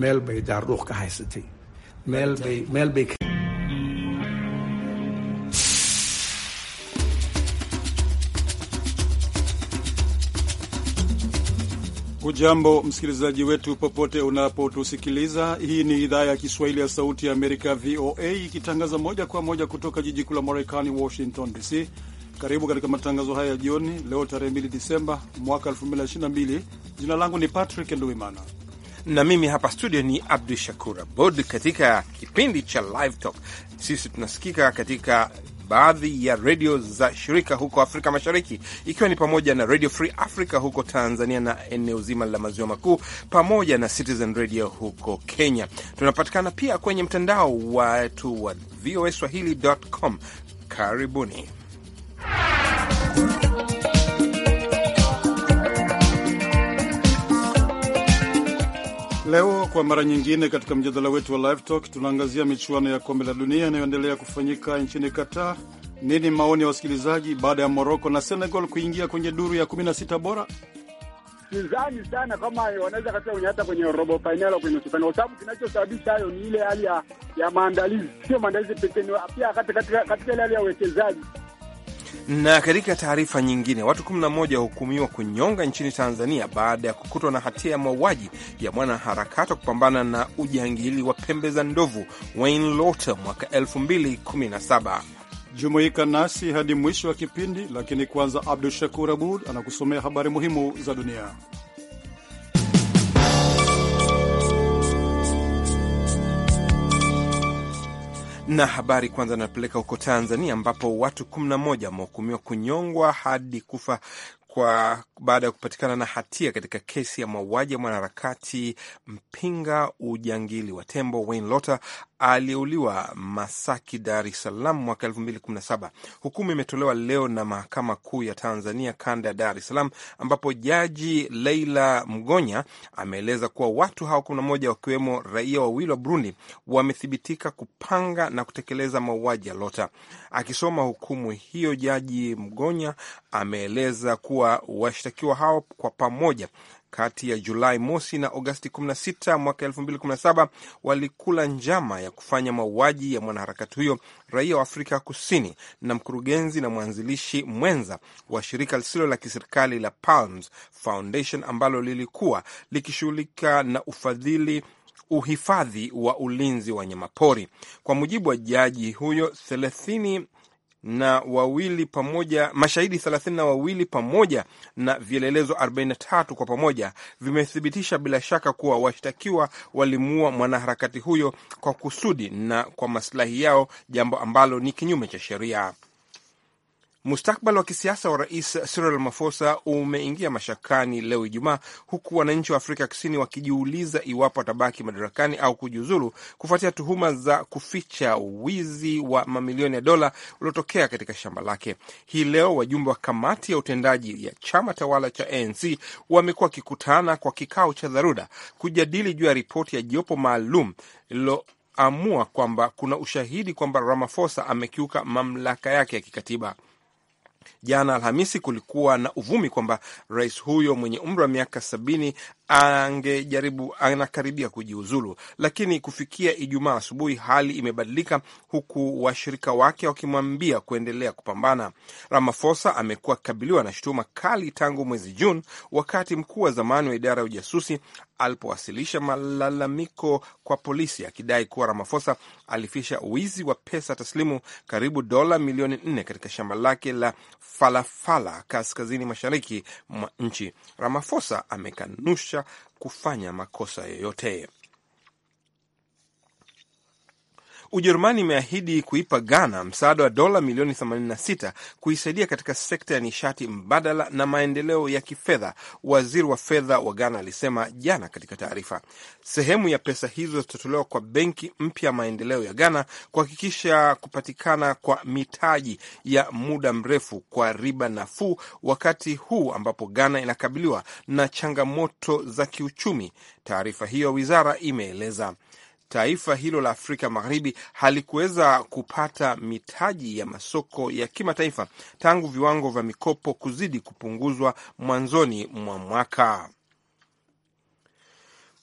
meel bay daarduu ka haysatay meel bay Hujambo msikilizaji wetu popote unapotusikiliza. Hii ni idhaa ya Kiswahili ya Sauti ya Amerika, VOA, ikitangaza moja kwa moja kutoka jiji kuu la Marekani, Washington DC. Karibu katika matangazo haya ya jioni leo tarehe 2 Disemba mwaka 2022. Jina langu ni Patrick Nduimana na mimi hapa studio ni Abdu Shakur Abud. Katika kipindi cha Live Talk sisi tunasikika katika baadhi ya redio za shirika huko Afrika Mashariki, ikiwa ni pamoja na Redio Free Africa huko Tanzania na eneo zima la maziwa makuu, pamoja na Citizen Radio huko Kenya. Tunapatikana pia kwenye mtandao watu wa voa swahilicom Karibuni. Leo kwa mara nyingine katika mjadala wetu wa Live Talk tunaangazia michuano ya kombe la dunia inayoendelea kufanyika nchini Qatar. Nini maoni ya wasikilizaji baada ya Moroko na Senegal kuingia kwenye duru ya 16 bora? Sidhani sana kama wanaweza katika hata kwenye robo fainali kwenye nusu fainali, kwa sababu kinachosababisha hayo ni ile hali ya, maandalizi. Sio maandalizi pekee, pia katika ile hali ya uwekezaji na katika taarifa nyingine, watu 11 wahukumiwa kunyonga nchini Tanzania baada ya kukutwa na hatia ya mauaji ya mwanaharakati wa kupambana na ujangili wa pembe za ndovu Wayne Lotter mwaka 2017. Jumuika nasi hadi mwisho wa kipindi, lakini kwanza Abdu Shakur Abud anakusomea habari muhimu za dunia. Na habari kwanza inapeleka huko Tanzania ambapo watu 11 wamehukumiwa kunyongwa hadi kufa kwa baada ya kupatikana na hatia katika kesi ya mauaji ya mwanaharakati mpinga ujangili wa tembo Wayne Lotter aliyeuliwa Masaki, Dar es Salaam mwaka saba. Hukumu imetolewa leo na Mahakama Kuu ya Tanzania kanda ya Dar es Salaam, ambapo Jaji Leila Mgonya ameeleza kuwa watu hao moja wakiwemo raia wawili wa Burundi wamethibitika kupanga na kutekeleza mauaji ya Lota. Akisoma hukumu hiyo, Jaji Mgonya ameeleza kuwa washtakiwa hao kwa pamoja kati ya Julai mosi na Agosti 16 mwaka 2017 walikula njama ya kufanya mauaji ya mwanaharakati huyo raia wa Afrika Kusini na mkurugenzi na mwanzilishi mwenza wa shirika lisilo la kiserikali la Palms Foundation ambalo lilikuwa likishughulika na ufadhili uhifadhi wa ulinzi wa wanyamapori. Kwa mujibu wa jaji huyo thelathini na wawili pamoja mashahidi thelathini na wawili pamoja na vielelezo arobaini na tatu kwa pamoja vimethibitisha bila shaka kuwa washtakiwa walimuua mwanaharakati huyo kwa kusudi na kwa masilahi yao, jambo ambalo ni kinyume cha sheria. Mustakbal wa kisiasa wa rais Cyril Ramaphosa umeingia mashakani leo Ijumaa, huku wananchi wa Afrika Kusini wakijiuliza iwapo atabaki madarakani au kujiuzulu kufuatia tuhuma za kuficha wizi wa mamilioni ya dola uliotokea katika shamba lake. Hii leo wajumbe wa kamati ya utendaji ya chama tawala cha ANC wamekuwa wakikutana kwa kikao cha dharura kujadili juu ya ripoti ya jopo maalum lilo amua kwamba kuna ushahidi kwamba Ramaphosa amekiuka mamlaka yake ya kikatiba. Jana Alhamisi kulikuwa na uvumi kwamba rais huyo mwenye umri wa miaka sabini angejaribu anakaribia kujiuzulu, lakini kufikia Ijumaa asubuhi hali imebadilika, huku washirika wake wakimwambia kuendelea kupambana. ramafosa amekuwa akikabiliwa na shutuma kali tangu mwezi Juni, wakati mkuu wa zamani wa idara ya ujasusi alipowasilisha malalamiko kwa polisi akidai kuwa ramafosa alifisha uwizi wa pesa taslimu karibu dola milioni nne katika shamba lake la falafala kaskazini mashariki mwa nchi. ramafosa amekanusha kufanya makosa yoyote. Ujerumani imeahidi kuipa Ghana msaada wa dola milioni 86 kuisaidia katika sekta ya nishati mbadala na maendeleo ya kifedha, waziri wa fedha wa Ghana alisema jana katika taarifa. Sehemu ya pesa hizo zitatolewa kwa Benki Mpya ya Maendeleo ya Ghana kuhakikisha kupatikana kwa mitaji ya muda mrefu kwa riba nafuu, wakati huu ambapo Ghana inakabiliwa na changamoto za kiuchumi, taarifa hiyo ya wizara imeeleza taifa hilo la Afrika Magharibi halikuweza kupata mitaji ya masoko ya kimataifa tangu viwango vya mikopo kuzidi kupunguzwa mwanzoni mwa mwaka.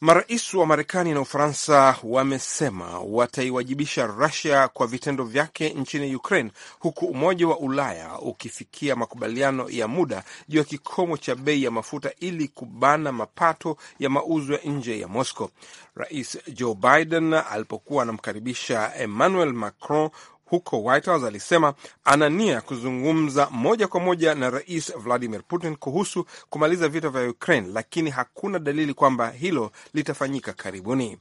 Marais wa Marekani na Ufaransa wamesema wataiwajibisha Rusia kwa vitendo vyake nchini Ukraine, huku Umoja wa Ulaya ukifikia makubaliano ya muda juu ya kikomo cha bei ya mafuta ili kubana mapato ya mauzo ya nje ya Moscow. Rais Joe Biden alipokuwa anamkaribisha Emmanuel Macron huko White House alisema ana nia ya kuzungumza moja kwa moja na Rais Vladimir Putin kuhusu kumaliza vita vya Ukraine, lakini hakuna dalili kwamba hilo litafanyika karibuni.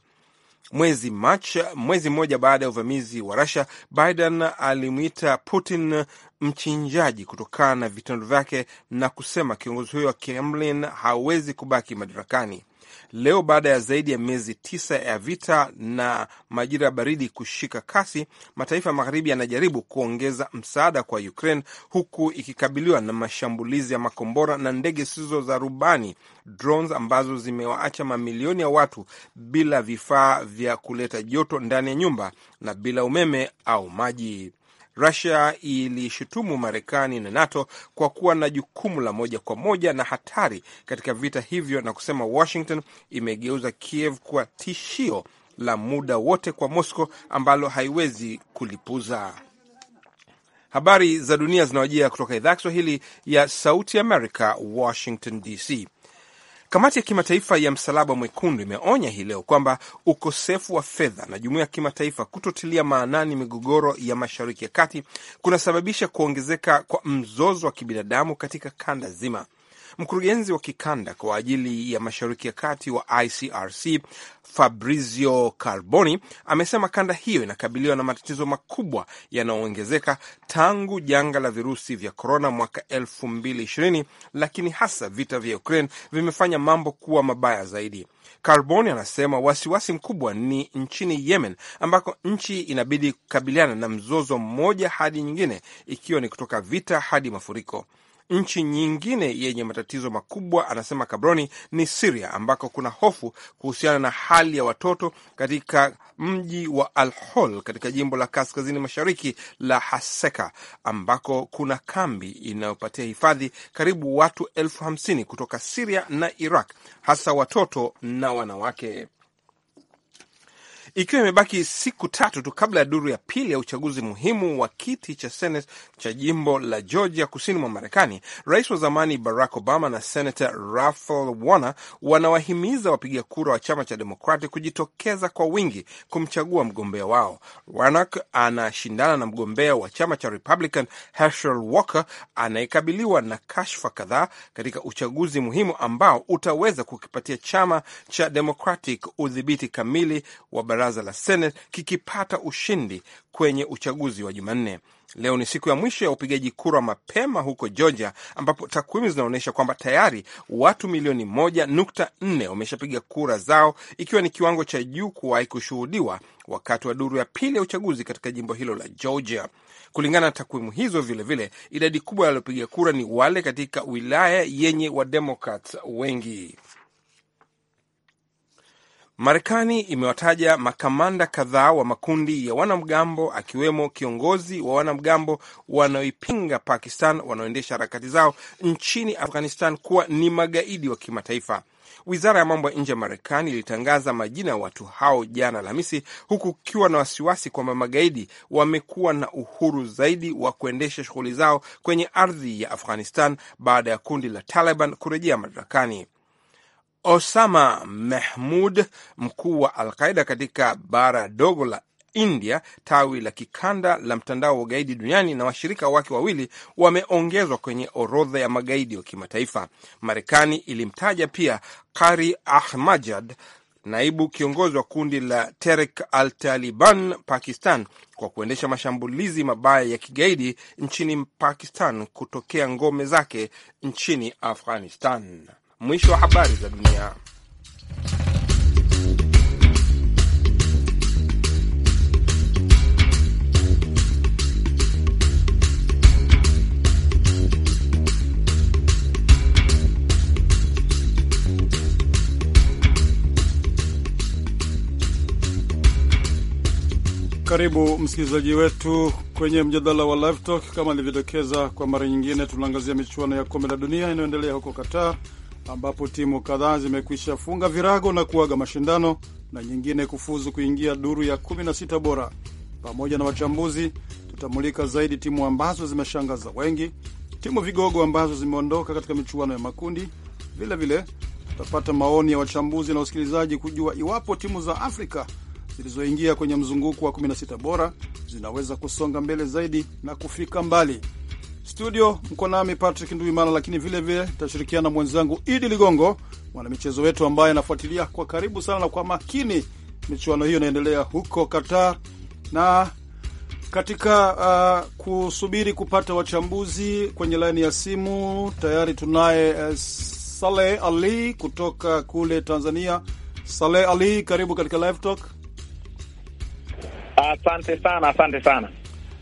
Mwezi Machi, mwezi mmoja baada ya uvamizi wa Russia, Biden alimwita Putin mchinjaji kutokana na vitendo vyake na kusema kiongozi huyo wa Kremlin hawezi kubaki madarakani. Leo baada ya zaidi ya miezi tisa ya vita na majira ya baridi kushika kasi, mataifa magharibi yanajaribu kuongeza msaada kwa Ukraine huku ikikabiliwa na mashambulizi ya makombora na ndege zisizo za rubani drones, ambazo zimewaacha mamilioni ya watu bila vifaa vya kuleta joto ndani ya nyumba na bila umeme au maji. Rusia ilishutumu Marekani na NATO kwa kuwa na jukumu la moja kwa moja na hatari katika vita hivyo na kusema Washington imegeuza Kiev kuwa tishio la muda wote kwa Moscow ambalo haiwezi kulipuza. Habari za dunia zinawajia kutoka idhaa ya Kiswahili ya Sauti Amerika, Washington DC. Kamati ya Kimataifa ya Msalaba Mwekundu imeonya hii leo kwamba ukosefu wa fedha na jumuiya ya kimataifa kutotilia maanani migogoro ya Mashariki ya Kati kunasababisha kuongezeka kwa mzozo wa kibinadamu katika kanda zima. Mkurugenzi wa kikanda kwa ajili ya Mashariki ya Kati wa ICRC Fabrizio Carboni amesema kanda hiyo inakabiliwa na matatizo makubwa yanayoongezeka tangu janga la virusi vya korona mwaka 2020 lakini hasa vita vya Ukraine vimefanya mambo kuwa mabaya zaidi. Carboni anasema wasiwasi mkubwa ni nchini Yemen, ambako nchi inabidi kukabiliana na mzozo mmoja hadi nyingine, ikiwa ni kutoka vita hadi mafuriko. Nchi nyingine yenye matatizo makubwa, anasema Kabroni, ni Siria ambako kuna hofu kuhusiana na hali ya watoto katika mji wa Al Hol katika jimbo la kaskazini mashariki la Haseka ambako kuna kambi inayopatia hifadhi karibu watu elfu hamsini kutoka Siria na Iraq, hasa watoto na wanawake. Ikiwa imebaki siku tatu tu kabla ya duru ya pili ya uchaguzi muhimu wa kiti cha Senate cha jimbo la Georgia kusini mwa Marekani, rais wa zamani Barack Obama na senata Raphael Warner wanawahimiza wapiga kura wa chama cha Demokrati kujitokeza kwa wingi kumchagua mgombea wao. Warner anashindana na mgombea wa chama cha Republican Herschel Walker anayekabiliwa na kashfa kadhaa katika uchaguzi muhimu ambao utaweza kukipatia chama cha Democratic udhibiti kamili wa baraza la Senate kikipata ushindi kwenye uchaguzi wa Jumanne. Leo ni siku ya mwisho ya upigaji kura mapema huko Georgia, ambapo takwimu zinaonyesha kwamba tayari watu milioni moja nukta nne wameshapiga kura zao, ikiwa ni kiwango cha juu kuwahi kushuhudiwa wakati wa duru ya pili ya uchaguzi katika jimbo hilo la Georgia. Kulingana na takwimu hizo, vilevile vile, idadi kubwa waliopiga kura ni wale katika wilaya yenye Wademokrat wengi. Marekani imewataja makamanda kadhaa wa makundi ya wanamgambo akiwemo kiongozi wa wanamgambo wanaoipinga Pakistan wanaoendesha harakati zao nchini Afghanistan kuwa ni magaidi wa kimataifa. Wizara ya mambo ya nje ya Marekani ilitangaza majina ya watu hao jana Alhamisi, huku ukiwa na wasiwasi kwamba magaidi wamekuwa na uhuru zaidi wa kuendesha shughuli zao kwenye ardhi ya Afghanistan baada ya kundi la Taliban kurejea madarakani. Osama Mehmud, mkuu wa Alqaida katika bara dogo la India, tawi la kikanda la mtandao wa ugaidi duniani na washirika wake wawili wameongezwa kwenye orodha ya magaidi wa kimataifa. Marekani ilimtaja pia Qari Ahmajad, naibu kiongozi wa kundi la Terek al Taliban Pakistan, kwa kuendesha mashambulizi mabaya ya kigaidi nchini Pakistan kutokea ngome zake nchini Afghanistan. Mwisho wa habari za dunia. Karibu msikilizaji wetu kwenye mjadala wa Live Talk. Kama alivyodokeza kwa mara nyingine, tunaangazia michuano ya kombe la dunia inayoendelea huko Qatar ambapo timu kadhaa zimekwisha funga virago na kuaga mashindano na nyingine kufuzu kuingia duru ya 16 bora. Pamoja na wachambuzi, tutamulika zaidi timu ambazo zimeshangaza wengi, timu vigogo ambazo zimeondoka katika michuano ya makundi. Vilevile tutapata maoni ya wachambuzi na wasikilizaji kujua iwapo timu za Afrika zilizoingia kwenye mzunguko wa 16 bora zinaweza kusonga mbele zaidi na kufika mbali. Studio mko nami Patrick Nduimana, lakini vilevile nitashirikiana vile, mwenzangu Idi Ligongo, mwanamichezo wetu ambaye anafuatilia kwa karibu sana na kwa makini michuano hiyo inaendelea huko Qatar na katika uh, kusubiri kupata wachambuzi kwenye laini ya simu tayari tunaye uh, Saleh Ali kutoka kule Tanzania. Saleh Ali, karibu katika Live Talk. Asante sana. Asante sana.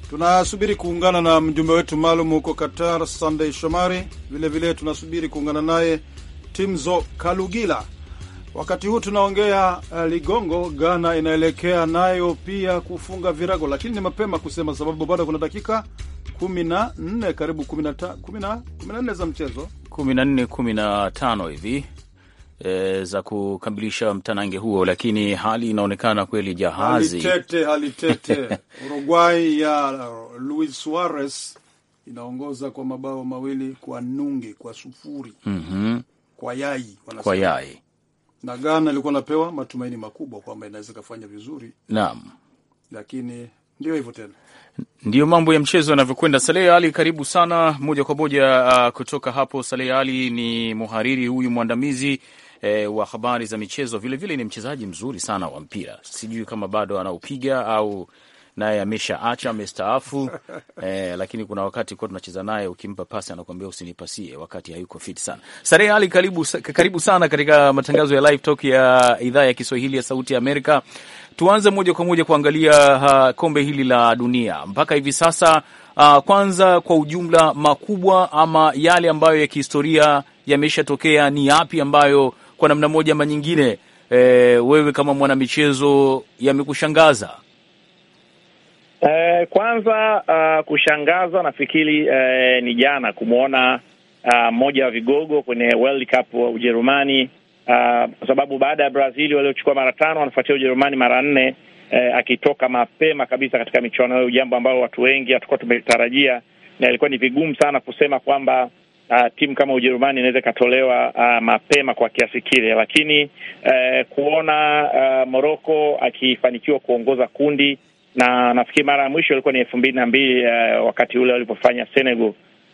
Tunasubiri kuungana na mjumbe wetu maalum huko Qatar, sandey Shomari. Vilevile tunasubiri kuungana naye Timzo Kalugila. Wakati huu tunaongea uh, Ligongo, Ghana inaelekea nayo pia kufunga virago, lakini ni mapema kusema sababu bado kuna dakika kumi na nne karibu kumi na nne za mchezo, kumi na nne kumi na tano hivi e, za kukamilisha mtanange huo, lakini hali inaonekana kweli jahazi halitete, halitete. Uruguay ya Luis Suarez inaongoza kwa mabao mawili kwa nunge kwa sufuri mm -hmm. kwa yai kwa yai na Ghana ilikuwa napewa matumaini makubwa kwamba inaweza kafanya vizuri naam, lakini ndio hivyo tena, ndiyo mambo ya mchezo yanavyokwenda. Saleh Ali, karibu sana moja kwa moja uh, kutoka hapo. Saleh Ali ni muhariri huyu mwandamizi e, wa habari za michezo vilevile vile ni mchezaji mzuri sana wa mpira, sijui kama bado anaupiga au naye amesha acha amestaafu. E, lakini kuna wakati kuwa tunacheza naye, ukimpa pasi anakuambia usinipasie wakati hayuko fit sana. Sare Ali, karibu, karibu sana katika matangazo ya Live Talk ya idhaa ya Kiswahili ya Sauti ya Amerika. Tuanze moja kwa moja kuangalia uh, kombe hili la dunia mpaka hivi sasa. Uh, kwanza kwa ujumla, makubwa ama yale ambayo ya kihistoria yameshatokea ni yapi ambayo kwa namna moja ama nyingine, e, wewe kama mwanamichezo yamekushangaza? E, kwanza uh, kushangaza nafikiri uh, ni jana kumwona ah, mmoja uh, wa vigogo kwenye World Cup wa Ujerumani ah, kwa uh, sababu baada ya Brazil waliochukua mara tano wanafuatia Ujerumani mara nne eh, akitoka mapema kabisa katika michuano hiyo, jambo ambalo watu wengi hatukuwa tumetarajia, na ilikuwa ni vigumu sana kusema kwamba Uh, timu kama Ujerumani inaweza ikatolewa uh, mapema kwa kiasi kile, lakini uh, kuona uh, ah, Moroko akifanikiwa kuongoza kundi, na nafikiri mara ya mwisho ilikuwa ni elfu mbili na mbili uh, wakati ule walipofanya Senegal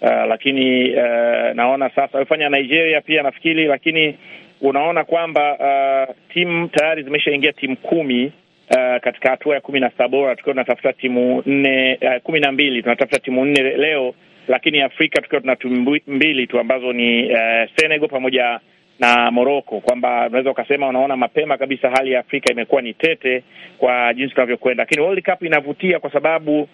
uh, lakini uh, naona sasa wamefanya Nigeria pia nafikiri, lakini unaona kwamba uh, timu tayari zimeshaingia timu kumi uh, katika hatua ya kumi na saba bora tukiwa tunatafuta timu nne uh, kumi na mbili tunatafuta timu nne leo lakini Afrika tukiwa tuna timu mbili tu ambazo ni eh, Senegal pamoja na Morocco, kwamba unaweza ukasema, unaona mapema kabisa hali ya Afrika imekuwa ni tete kwa jinsi tunavyokwenda, lakini World Cup inavutia kwa sababu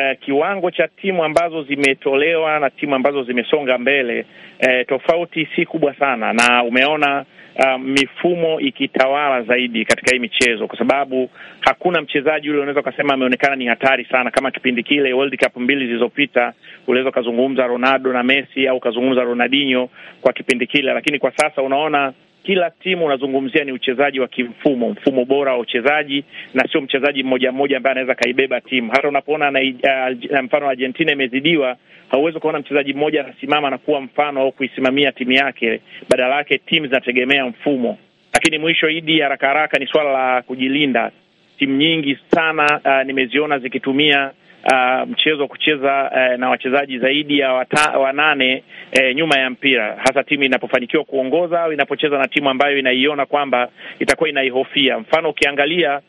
eh, kiwango cha timu ambazo zimetolewa na timu ambazo zimesonga mbele, eh, tofauti si kubwa sana, na umeona um, mifumo ikitawala zaidi katika hii michezo, kwa sababu hakuna mchezaji yule unaweza ukasema ameonekana ni hatari sana kama kipindi kile World Cup mbili zilizopita. Unaweza ukazungumza Ronaldo na Messi au ukazungumza Ronaldinho kwa kipindi kile, lakini kwa sasa unaona kila timu unazungumzia ni uchezaji wa kimfumo, mfumo bora wa uchezaji, na sio mchezaji mmoja mmoja ambaye anaweza akaibeba timu. Hata unapoona na, uh, mfano Argentina imezidiwa, hauwezi ukaona mchezaji mmoja anasimama na kuwa mfano au kuisimamia timu yake, badala yake timu zinategemea mfumo. Lakini mwisho idi, haraka haraka, ni swala la kujilinda. Timu nyingi sana uh, nimeziona zikitumia uh, mchezo wa kucheza uh, na wachezaji zaidi ya wata, wanane uh, nyuma ya mpira, hasa timu inapofanikiwa kuongoza au inapocheza na timu ambayo inaiona kwamba itakuwa inaihofia. Mfano ukiangalia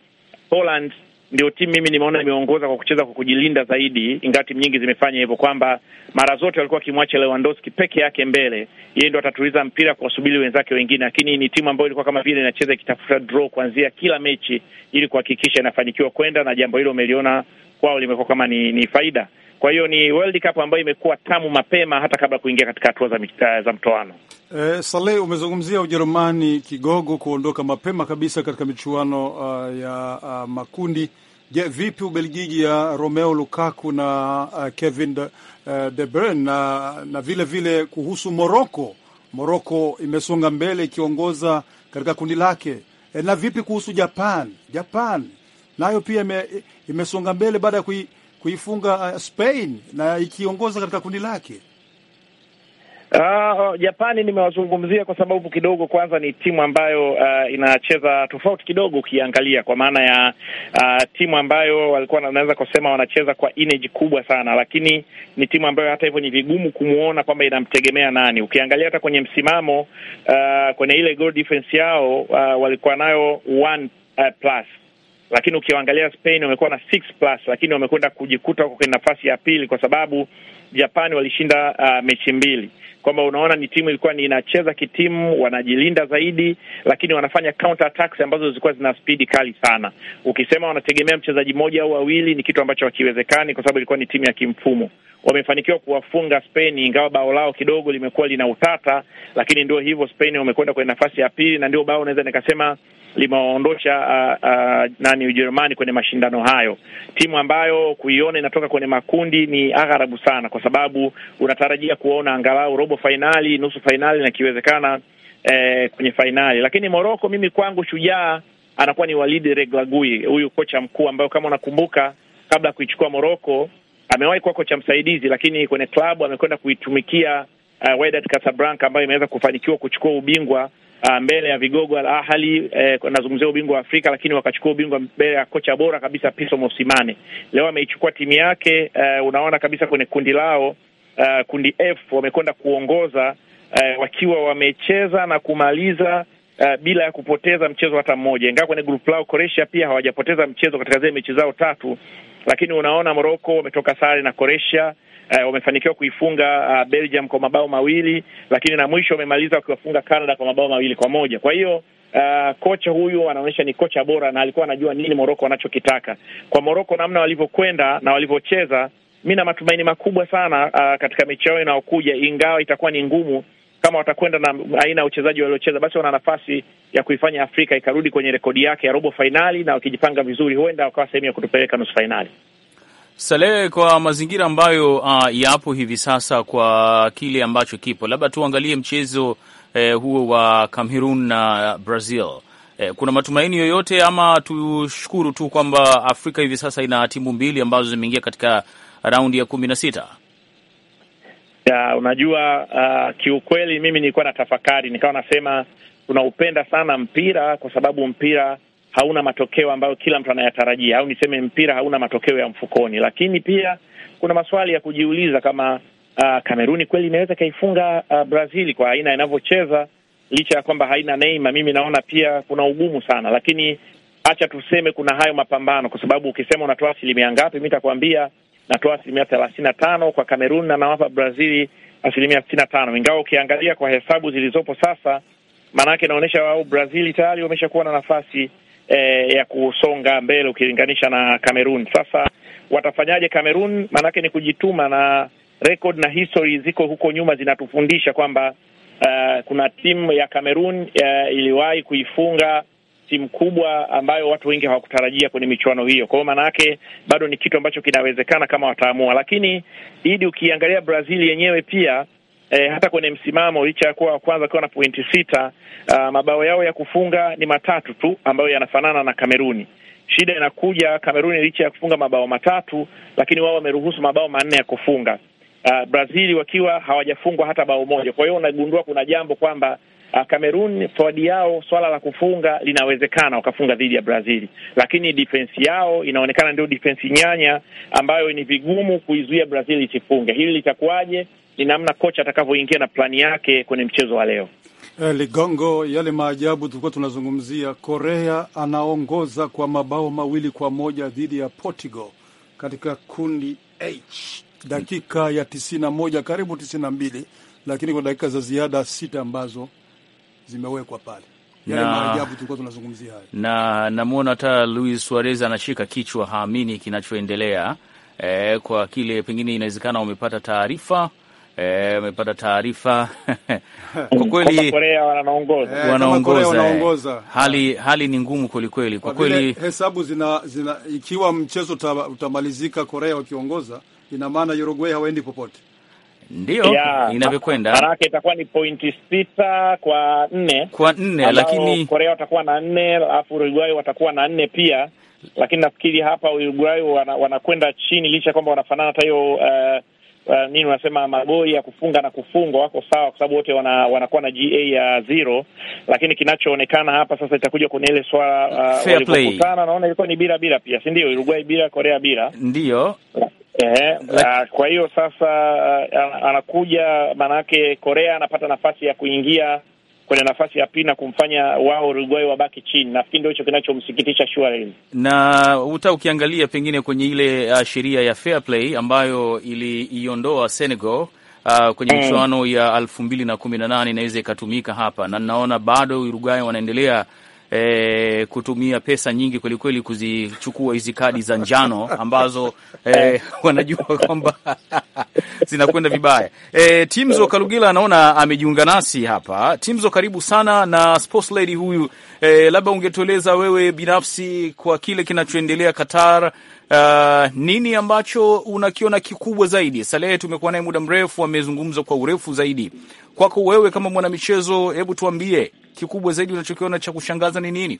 Poland ndio timu mimi nimeona imeongoza kwa kucheza kwa kujilinda zaidi, ingawa timu nyingi zimefanya hivyo, kwamba mara zote walikuwa wakimwacha Lewandowski peke yake mbele, yeye ndo atatuliza mpira kwa wenzake wengine. Lakini ni timu ambayo ilikuwa kama vile inacheza ikitafuta draw kuanzia kila mechi ili kuhakikisha inafanikiwa kwenda, na jambo hilo umeliona kwao limekuwa kama ni, ni faida kwa hiyo ni World Cup ambayo imekuwa tamu mapema hata kabla kuingia katika hatua za, za mtoano. Eh, Saleh, umezungumzia Ujerumani kigogo kuondoka mapema kabisa katika michuano uh, ya uh, makundi. Je, vipi Ubelgiji ya Romeo Lukaku na uh, Kevin de, uh, de Bruyne na, na vile vile kuhusu Moroko, Moroko imesonga mbele ikiongoza katika kundi lake e, na vipi kuhusu Japan? Japan nayo pia imesonga mbele baada ya kui kuifunga uh, Spain na ikiongoza katika kundi lake. Uh, Japani nimewazungumzia kwa sababu kidogo kwanza ni timu ambayo uh, inacheza tofauti kidogo ukiangalia kwa maana ya uh, timu ambayo walikuwa wanaweza kusema wanacheza kwa energy kubwa sana, lakini ni timu ambayo hata hivyo ni vigumu kumwona kwamba inamtegemea nani. Ukiangalia hata kwenye msimamo uh, kwenye ile goal defense yao uh, walikuwa nayo one uh, plus lakini ukiangalia Spain wamekuwa na six plus, lakini wamekwenda kujikuta kwenye nafasi ya pili kwa sababu Japani walishinda uh, mechi mbili, kwamba unaona ni timu ilikuwa ni inacheza kitimu, wanajilinda zaidi, lakini wanafanya counter attacks ambazo zilikuwa zina spidi kali sana. Ukisema wanategemea mchezaji mmoja au wawili, ni kitu ambacho hakiwezekani, kwa sababu ilikuwa ni timu ya kimfumo. Wamefanikiwa kuwafunga Spain, ingawa bao lao kidogo limekuwa lina utata, lakini ndio hivyo, Spain wamekwenda kwenye nafasi ya pili, na ndio bao unaweza nikasema limewaondosha uh, uh, nani Ujerumani kwenye mashindano hayo, timu ambayo kuiona inatoka kwenye makundi ni agharabu sana kwa sababu unatarajia kuona angalau robo fainali, nusu fainali na ikiwezekana eh, kwenye fainali. Lakini Moroko, mimi kwangu shujaa anakuwa ni Walid Reglagui, huyu kocha mkuu ambayo kama unakumbuka kabla ya kuichukua Moroko amewahi kuwa kocha msaidizi, lakini kwenye klabu amekwenda kuitumikia uh, Wydad Casablanca ambayo imeweza kufanikiwa kuchukua ubingwa uh, mbele ya vigogo Al Ahly eh, nazungumzia ubingwa wa Afrika, lakini wakachukua ubingwa mbele ya kocha bora kabisa Pitso Mosimane. Leo ameichukua timu yake eh, unaona kabisa kwenye kundi lao uh, kundi F wamekwenda kuongoza eh, wakiwa wamecheza na kumaliza Uh, bila ya kupoteza mchezo hata mmoja, ingawa kwenye grupu lao Croatia pia hawajapoteza mchezo katika zile mechi zao tatu, lakini unaona Morocco wametoka sare na Croatia, eh, wamefanikiwa kuifunga uh, Belgium kwa mabao mawili, lakini na mwisho wamemaliza wakiwafunga Canada kwa mabao mawili kwa moja. Kwa hiyo uh, kocha huyu anaonyesha ni kocha bora na alikuwa anajua nini Moroko wanachokitaka kwa Moroko, namna walivyokwenda na walivyocheza. Mi na matumaini makubwa sana uh, katika mechi yao inayokuja, ingawa itakuwa ni ngumu kama watakwenda na aina ya uchezaji waliocheza, basi wana nafasi ya kuifanya Afrika ikarudi kwenye rekodi yake ya robo fainali, na wakijipanga vizuri, huenda wakawa sehemu ya kutupeleka nusu fainali. Salehe, kwa mazingira ambayo uh, yapo hivi sasa, kwa kile ambacho kipo, labda tuangalie mchezo eh, huo wa Cameroon na Brazil. Eh, kuna matumaini yoyote ama tushukuru tu kwamba Afrika hivi sasa ina timu mbili ambazo zimeingia katika raundi ya kumi na sita? Ya, unajua uh, kiukweli mimi nilikuwa na tafakari nikawa nasema tunaupenda sana mpira kwa sababu mpira hauna matokeo ambayo kila mtu anayatarajia, au niseme mpira hauna matokeo ya mfukoni. Lakini pia kuna maswali ya kujiuliza kama uh, Kameruni kweli inaweza ikaifunga uh, ah, Brazil kwa aina inavyocheza, licha ya kwamba haina Neymar. Mimi naona pia kuna ugumu sana, lakini acha tuseme kuna hayo mapambano, kwa sababu ukisema unatoa asilimia ngapi, mi takuambia natoa asilimia thelathini na tano kwa Kamerun na nawapa Brazili asilimia sitini na tano ingawa ukiangalia kwa hesabu zilizopo sasa, maanake inaonyesha wao Brazili tayari wameshakuwa na nafasi eh, ya kusonga mbele ukilinganisha na Kamerun. Sasa watafanyaje Kamerun? Maanake ni kujituma, na record na history ziko huko nyuma zinatufundisha kwamba uh, kuna timu ya Kamerun uh, eh, iliwahi kuifunga timu kubwa ambayo watu wengi hawakutarajia kwenye michuano hiyo. Kwa hiyo maana yake bado ni kitu ambacho kinawezekana kama wataamua, lakini Idi, ukiangalia Brazil yenyewe pia eh, hata kwenye msimamo licha ya kuwa wa kwanza akiwa na pointi sita, uh, mabao yao ya kufunga ni matatu tu ambayo yanafanana na Kameruni. Shida inakuja Kameruni, licha ya kufunga mabao matatu, lakini wao wameruhusu mabao manne ya kufunga. Uh, Brazil wakiwa hawajafungwa hata bao moja. Kwa hiyo unagundua kuna jambo kwamba ah, Kamerun fodi yao swala la kufunga linawezekana wakafunga dhidi ya Brazil, lakini defense yao inaonekana ndio defense nyanya ambayo ni vigumu kuizuia Brazil isifunge. Hili litakuwaje? ni namna kocha atakavyoingia na plani yake kwenye mchezo wa leo. Eh, Ligongo, yale maajabu tulikuwa tunazungumzia, Korea anaongoza kwa mabao mawili kwa moja dhidi ya Portugal katika kundi H dakika ya tisini na moja karibu tisini na mbili lakini kwa dakika za ziada sita ambazo zimewekwa pale na namwona hata Luis Suarez anashika kichwa, haamini kinachoendelea e, kwa kile pengine inawezekana wamepata taarifa Eh, umepata e, taarifa kwa kweli eh, eh. wanaongoza, hali hali ni ngumu kwelikweli, kwa kweli hesabu zina, zina, ikiwa mchezo utamalizika Korea wakiongoza, ina maana Uruguay hawaendi popote, ndio inavyokwenda haraka. Itakuwa ni pointi sita kwa nne kwa nne, lakini Korea watakuwa na nne alafu Uruguay watakuwa na nne pia, lakini nafikiri hapa Uruguay wanakwenda wana chini licha ya kwamba wanafanana hata hiyo uh, uh, nini unasema magoli ya kufunga na kufungwa wako sawa, kwa sababu wote wana, wanakuwa na GA ya zero, lakini kinachoonekana hapa sasa itakuja kwenye ile swala uh, walipokutana, naona ilikuwa ni bila bila pia, si ndio? Uruguay bila, Korea bila, ndio Ehe, uh, kwa hiyo sasa uh, anakuja maanake Korea anapata nafasi ya kuingia kwenye nafasi ya pili na kumfanya wao Uruguay wabaki chini. Nafikiri ndio hicho kinachomsikitisha Suarez, na uta ukiangalia pengine kwenye ile uh, sheria ya fair play ambayo iliiondoa Senegal Uh, kwenye mm. michuano ya elfu mbili na kumi na nane inaweza ikatumika hapa, na ninaona bado Uruguay wanaendelea e, kutumia pesa nyingi kwelikweli kuzichukua hizi kadi za njano ambazo e, wanajua kwamba zinakwenda vibaya. E, Timzo Kalugila anaona amejiunga nasi hapa. Timzo, karibu sana na sports lady huyu. E, labda ungetueleza wewe binafsi kwa kile kinachoendelea Qatar, Uh, nini ambacho unakiona kikubwa zaidi? Salehe tumekuwa naye muda mrefu, amezungumza kwa urefu zaidi. Kwako wewe kama mwanamichezo, hebu tuambie kikubwa zaidi unachokiona cha kushangaza ni nini?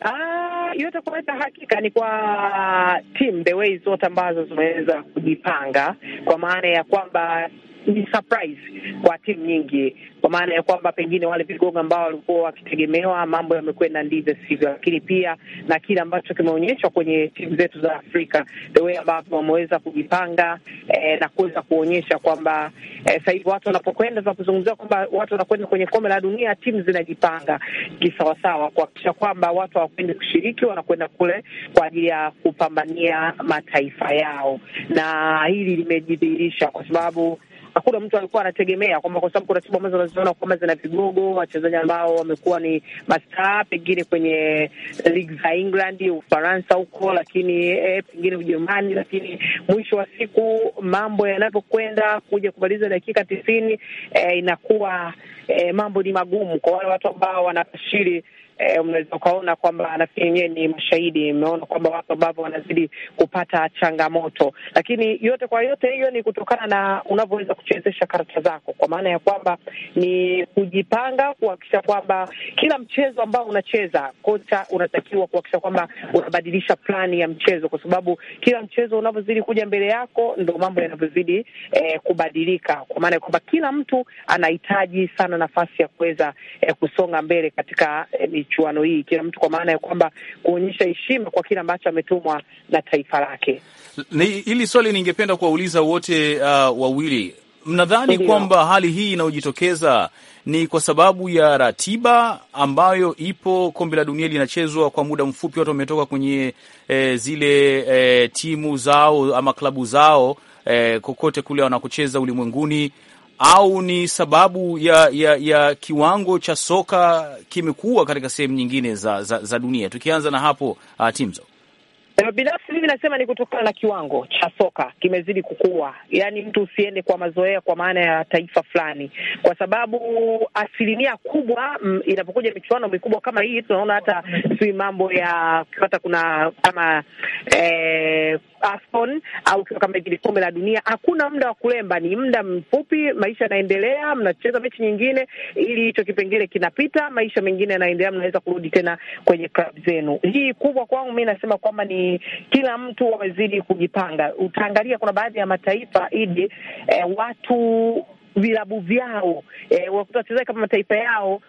Ah, yote hakika ni kwa team the way zote ambazo zimeweza kujipanga kwa maana ya kwamba ni surprise kwa timu nyingi, kwa maana ya kwamba pengine wale vigogo ambao walikuwa wakitegemewa, mambo yamekwenda ndivyo sivyo, lakini pia na kile ambacho kimeonyeshwa kwenye timu zetu za Afrika, the way ambavyo wameweza kujipanga eh, na kuweza kuonyesha kwamba eh, sasa hivi watu wanapokwenda za kuzungumzia kwamba watu wanakwenda kwenye kombe la dunia, timu zinajipanga kisawasawa kuhakikisha kwamba watu hawakwendi kushiriki, wanakwenda kule kwa ajili ya kupambania mataifa yao, na hili limejidhihirisha kwa sababu hakuna mtu alikuwa anategemea kwamba, kwa sababu kuna timu ambazo unaziona kwamba zina vigogo wachezaji ambao wamekuwa ni mastaa pengine kwenye ligi za England, Ufaransa huko, lakini eh, pengine Ujerumani, lakini mwisho wa siku mambo yanavyokwenda kuja kumaliza dakika tisini eh, inakuwa eh, mambo ni magumu kwa wale watu ambao wanabashiri eh, unaweza ukaona kwamba nafikiri nyewe ni mashahidi, mmeona kwamba watu ambavyo wanazidi kupata changamoto, lakini yote kwa yote hiyo ni kutokana na unavyoweza kuchezesha karata zako, kwa maana ya kwamba ni kujipanga kuhakikisha kwamba kila mchezo ambao unacheza, kocha unatakiwa kuhakikisha kwamba unabadilisha plani ya mchezo, kwa sababu kila mchezo unavyozidi kuja mbele yako ndo mambo yanavyozidi eh, kubadilika, kwa maana ya kwamba kila mtu anahitaji sana nafasi ya kuweza eh, kusonga mbele katika eh, michuano hii, kila mtu kwa maana ya kwamba kuonyesha heshima kwa kile ambacho ametumwa na taifa lake. Hili swali ningependa kuwauliza wote uh, wawili, mnadhani kwamba hali hii inayojitokeza ni kwa sababu ya ratiba ambayo ipo? Kombe la dunia linachezwa kwa muda mfupi, watu wametoka kwenye e, zile e, timu zao ama klabu zao e, kokote kule wanakocheza ulimwenguni au ni sababu ya, ya, ya kiwango cha soka kimekuwa katika sehemu nyingine za, za, za dunia? Tukianza na hapo uh, Timzo. Eh, binafsi mimi nasema ni kutokana na kiwango cha soka kimezidi kukua, yaani mtu usiende kwa mazoea kwa maana ya taifa fulani, kwa sababu asilimia kubwa m, mm, inapokuja michuano mikubwa kama hii tunaona hata si mambo ya hata kuna kama eh, AFCON au kiwa kama hiki kombe la dunia, hakuna muda wa kulemba, ni muda mfupi. Maisha yanaendelea, mnacheza mechi nyingine, ili hicho kipengele kinapita, maisha mengine yanaendelea, mnaweza kurudi tena kwenye club zenu. Hii kubwa kwangu mi nasema kwamba ni kila mtu wamezidi kujipanga. Utaangalia kuna baadhi ya mataifa idi, eh, watu vilabu vyao eh, wakuta wachezaji kama mataifa yao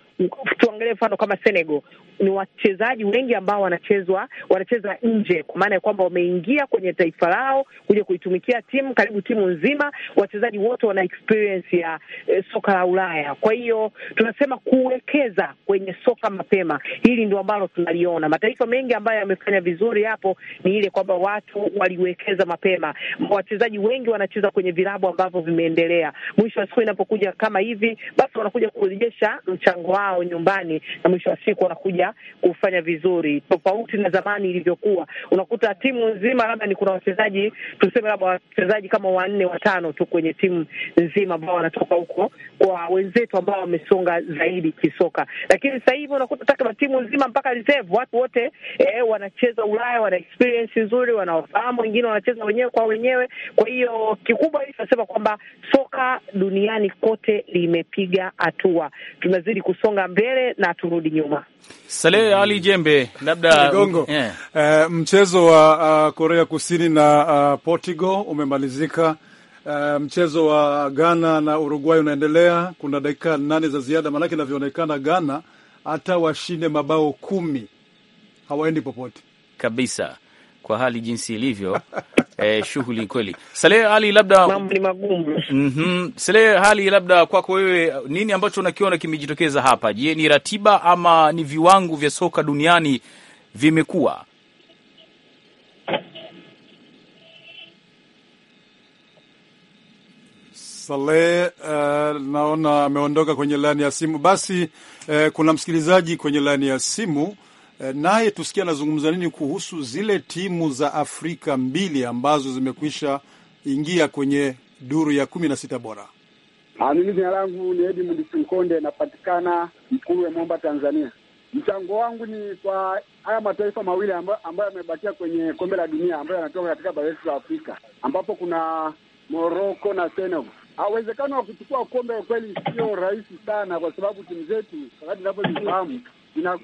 tuangalie mfano kama Senegal, ni wachezaji wengi ambao wanachezwa wanacheza nje, kwa maana ya kwamba wameingia kwenye taifa lao kuja kuitumikia timu, karibu timu nzima. Wachezaji wote wana experience ya eh, soka la Ulaya. Kwa hiyo tunasema kuwekeza kwenye soka mapema, hili ndio ambalo tunaliona mataifa mengi ambayo yamefanya vizuri hapo, ni ile kwamba watu waliwekeza mapema. Wachezaji wengi wanacheza kwenye vilabu ambavyo vimeendelea. Mwisho wa siku inapokuja kama hivi, basi wanakuja kurejesha mchango wao wao nyumbani, na mwisho wa siku wanakuja kufanya vizuri, tofauti na zamani ilivyokuwa. Unakuta timu nzima labda ni kuna wachezaji tuseme, labda wachezaji kama wanne watano tu kwenye timu nzima ambao wanatoka huko kwa wenzetu ambao wamesonga zaidi kisoka, lakini sasa hivi unakuta takriban timu nzima mpaka reserve, watu wote eh, wanacheza Ulaya, wana experience nzuri, wanawafahamu wengine, wanacheza wenyewe kwa wenyewe. Kwa hiyo kikubwa hii tunasema kwamba soka duniani kote limepiga hatua, tunazidi kusonga kusonga mbele na turudi nyuma. Saleh Ali Jembe, labda yeah. Uh, mchezo wa uh, Korea Kusini na uh, Portugal umemalizika. Uh, mchezo wa Ghana na Uruguay unaendelea. Kuna dakika nane za ziada, maanake inavyoonekana Ghana hata washinde mabao kumi hawaendi popote kabisa, kwa hali jinsi ilivyo eh, shughuli kweli. Saleh hali labda mambo ni magumu. Mhm, Saleh hali labda kwako wewe, nini ambacho unakiona kimejitokeza hapa? Je, ni ratiba ama ni viwango vya soka duniani vimekuwa Sale uh, naona ameondoka kwenye laini ya simu. Basi uh, kuna msikilizaji kwenye laini ya simu Eh, naye tusikia anazungumza nini kuhusu zile timu za Afrika mbili ambazo zimekwisha ingia kwenye duru ya kumi na sita bora. Ah, mimi jina langu ni Edmund Sinkonde, napatikana ya Momba, Tanzania. Mchango wangu ni kwa haya mataifa mawili ambayo yamebakia kwenye kombe la dunia ambayo yanatoka katika bara letu la Afrika, ambapo kuna Morocco na Senegal. Uwezekano wa kuchukua kombe kweli sio rahisi sana, kwa sababu timu zetu wakati inavyozifahamu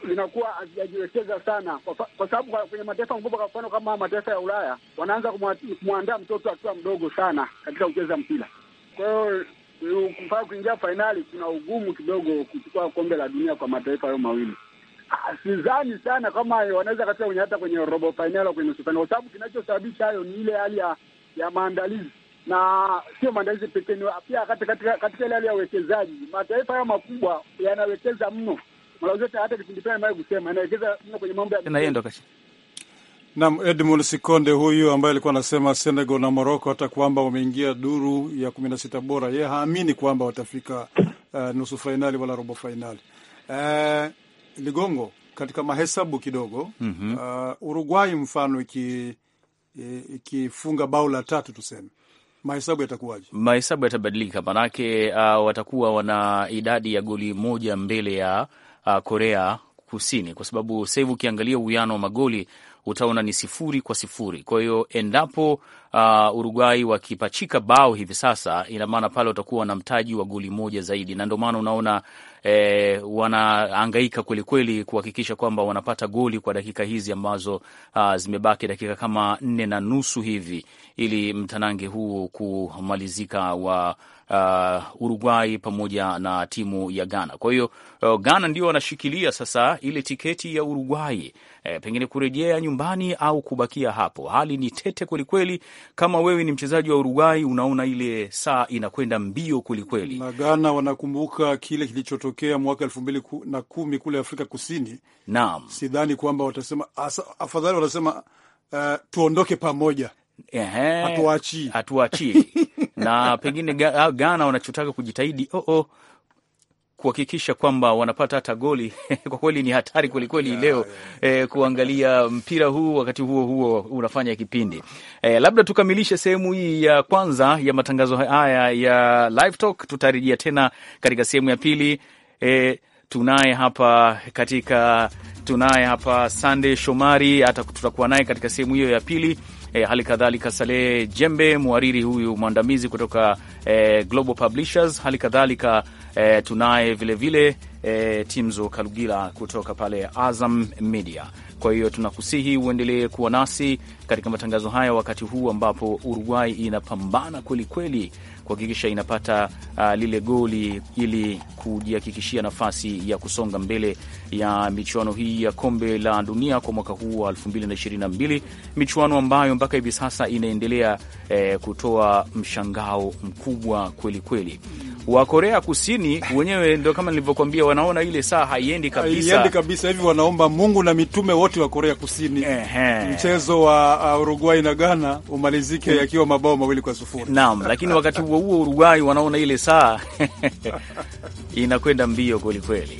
linakuwa havijajiwekeza sana, kwa sababu kwenye mataifa makubwa, kwa mfano kama mataifa ya Ulaya, wanaanza kumwandaa mtoto akiwa mdogo sana katika kucheza mpira. Kwa hiyo kuingia fainali kuna ugumu kidogo kuchukua kombe la dunia kwa mataifa hayo mawili. Ah, sidhani sana kama wanaweza katika kwenye hata kwenye robo fainali au kwenye nusu fainali, kwa sababu kinachosababisha hayo ni ile hali ya ya maandalizi na sio maandalizi pekee, pia katika katika ile hali ya uwekezaji. Mataifa hayo makubwa yanawekeza mno mara zote, hata kipindi pale mbaye kusema anaelekeza mno kwenye mambo ya tena kashi Naam, Edmund Sikonde huyu ambaye alikuwa anasema Senegal na Morocco hata kwamba wameingia duru ya kumi na sita bora, yeye haamini kwamba watafika uh, nusu fainali wala robo fainali. Uh, eh, Ligongo, katika mahesabu kidogo mm -hmm. uh, Uruguay mfano ikifunga iki bao la tatu tuseme mahesabu yatakuwaje? Mahesabu yatabadilika, manake uh, watakuwa wana idadi ya goli moja mbele ya uh, Korea Kusini, kwa sababu sasa hivi ukiangalia uwiano wa magoli utaona ni sifuri kwa sifuri. Kwa hiyo endapo uh, Uruguay wakipachika bao hivi sasa, ina maana pale watakuwa na mtaji wa goli moja zaidi, na ndio maana unaona eh, wanaangaika kwelikweli kuhakikisha kwamba wanapata goli kwa dakika hizi ambazo uh, zimebaki dakika kama nne na nusu hivi, ili mtanange huu kumalizika wa uh, Uruguay pamoja na timu ya Ghana. Kwa hiyo uh, Ghana ndio wanashikilia sasa ile tiketi ya Uruguay eh, pengine kurejea nyumbani au kubakia hapo. Hali ni tete kwelikweli. Kama wewe ni mchezaji wa Uruguay, unaona ile saa inakwenda mbio kwelikweli, na Ghana wanakumbuka kile kilichotokea mwaka elfu mbili na kumi kule Afrika Kusini. Naam, sidhani kwamba watasema asa, afadhali watasema uh, tuondoke pamoja, hatuachii hatuachii na pengine Ghana wanachotaka kujitahidi oo oh, oh, kuhakikisha kwamba wanapata hata goli kwa kweli ni hatari kwelikweli yeah, leo yeah. Eh, kuangalia mpira huu wakati huo huo unafanya kipindi eh, labda tukamilishe sehemu hii ya kwanza ya matangazo haya ya live talk. tena katika sehemu ya pili eh, tunaye hapa katika tunaye hapa Sande Shomari, hata tutakuwa naye katika sehemu hiyo ya pili e, hali kadhalika salehe Jembe, mhariri huyu mwandamizi kutoka e, Global Publishers. Hali kadhalika e, tunaye vilevile e, Timzo Kalugila kutoka pale Azam Media. Kwa hiyo tunakusihi uendelee kuwa nasi katika matangazo haya wakati huu ambapo Uruguay inapambana kwelikweli kuhakikisha inapata uh, lile goli ili kujihakikishia nafasi ya kusonga mbele ya michuano hii ya kombe la dunia kwa mwaka huu wa 2022, michuano ambayo mpaka hivi sasa inaendelea eh, kutoa mshangao mkubwa kweli kweli. Wa Korea Kusini wenyewe ndio kama nilivyokuambia, wanaona ile saa haiendi kabisa, haiendi kabisa hivi, wanaomba Mungu na mitume wote wa Korea Kusini Ehe. mchezo wa uh, Uruguay na Ghana umalizike mm. yakiwa mabao mawili kwa sufuri. Naam, lakini wakati huo huo Uruguay wanaona ile saa inakwenda mbio kweli kweli.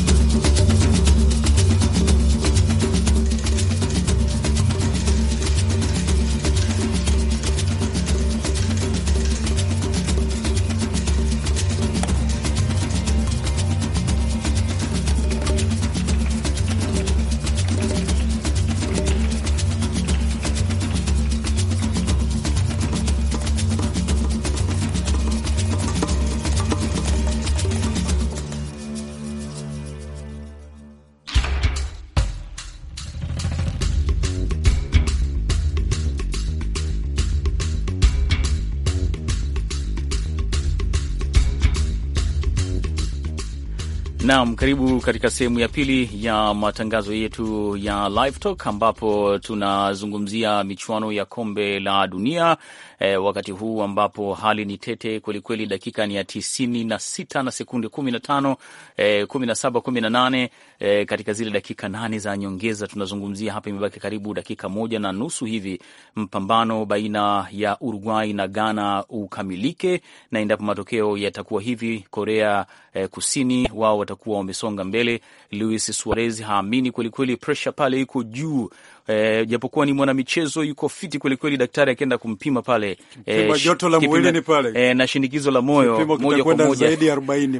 Naam, karibu katika sehemu ya pili ya matangazo yetu ya Live Talk ambapo tunazungumzia michuano ya kombe la dunia eh, wakati huu ambapo hali ni tete kwelikweli. Dakika ni ya tisini na sita na sekunde kumi na tano e, kumi na saba kumi na nane e, katika zile dakika nane za nyongeza tunazungumzia hapa, imebaki karibu dakika moja na nusu hivi mpambano baina ya Uruguay na Ghana ukamilike, na endapo matokeo yatakuwa hivi, Korea eh, Kusini wao watakuwa wamesonga mbele. Luis Suarez haamini kwelikweli, presha pale iko juu e, japokuwa ni mwanamichezo yuko fiti kwelikweli, daktari akienda kumpima pale e, joto la ni pale e, na shinikizo la moyo moja kwa moja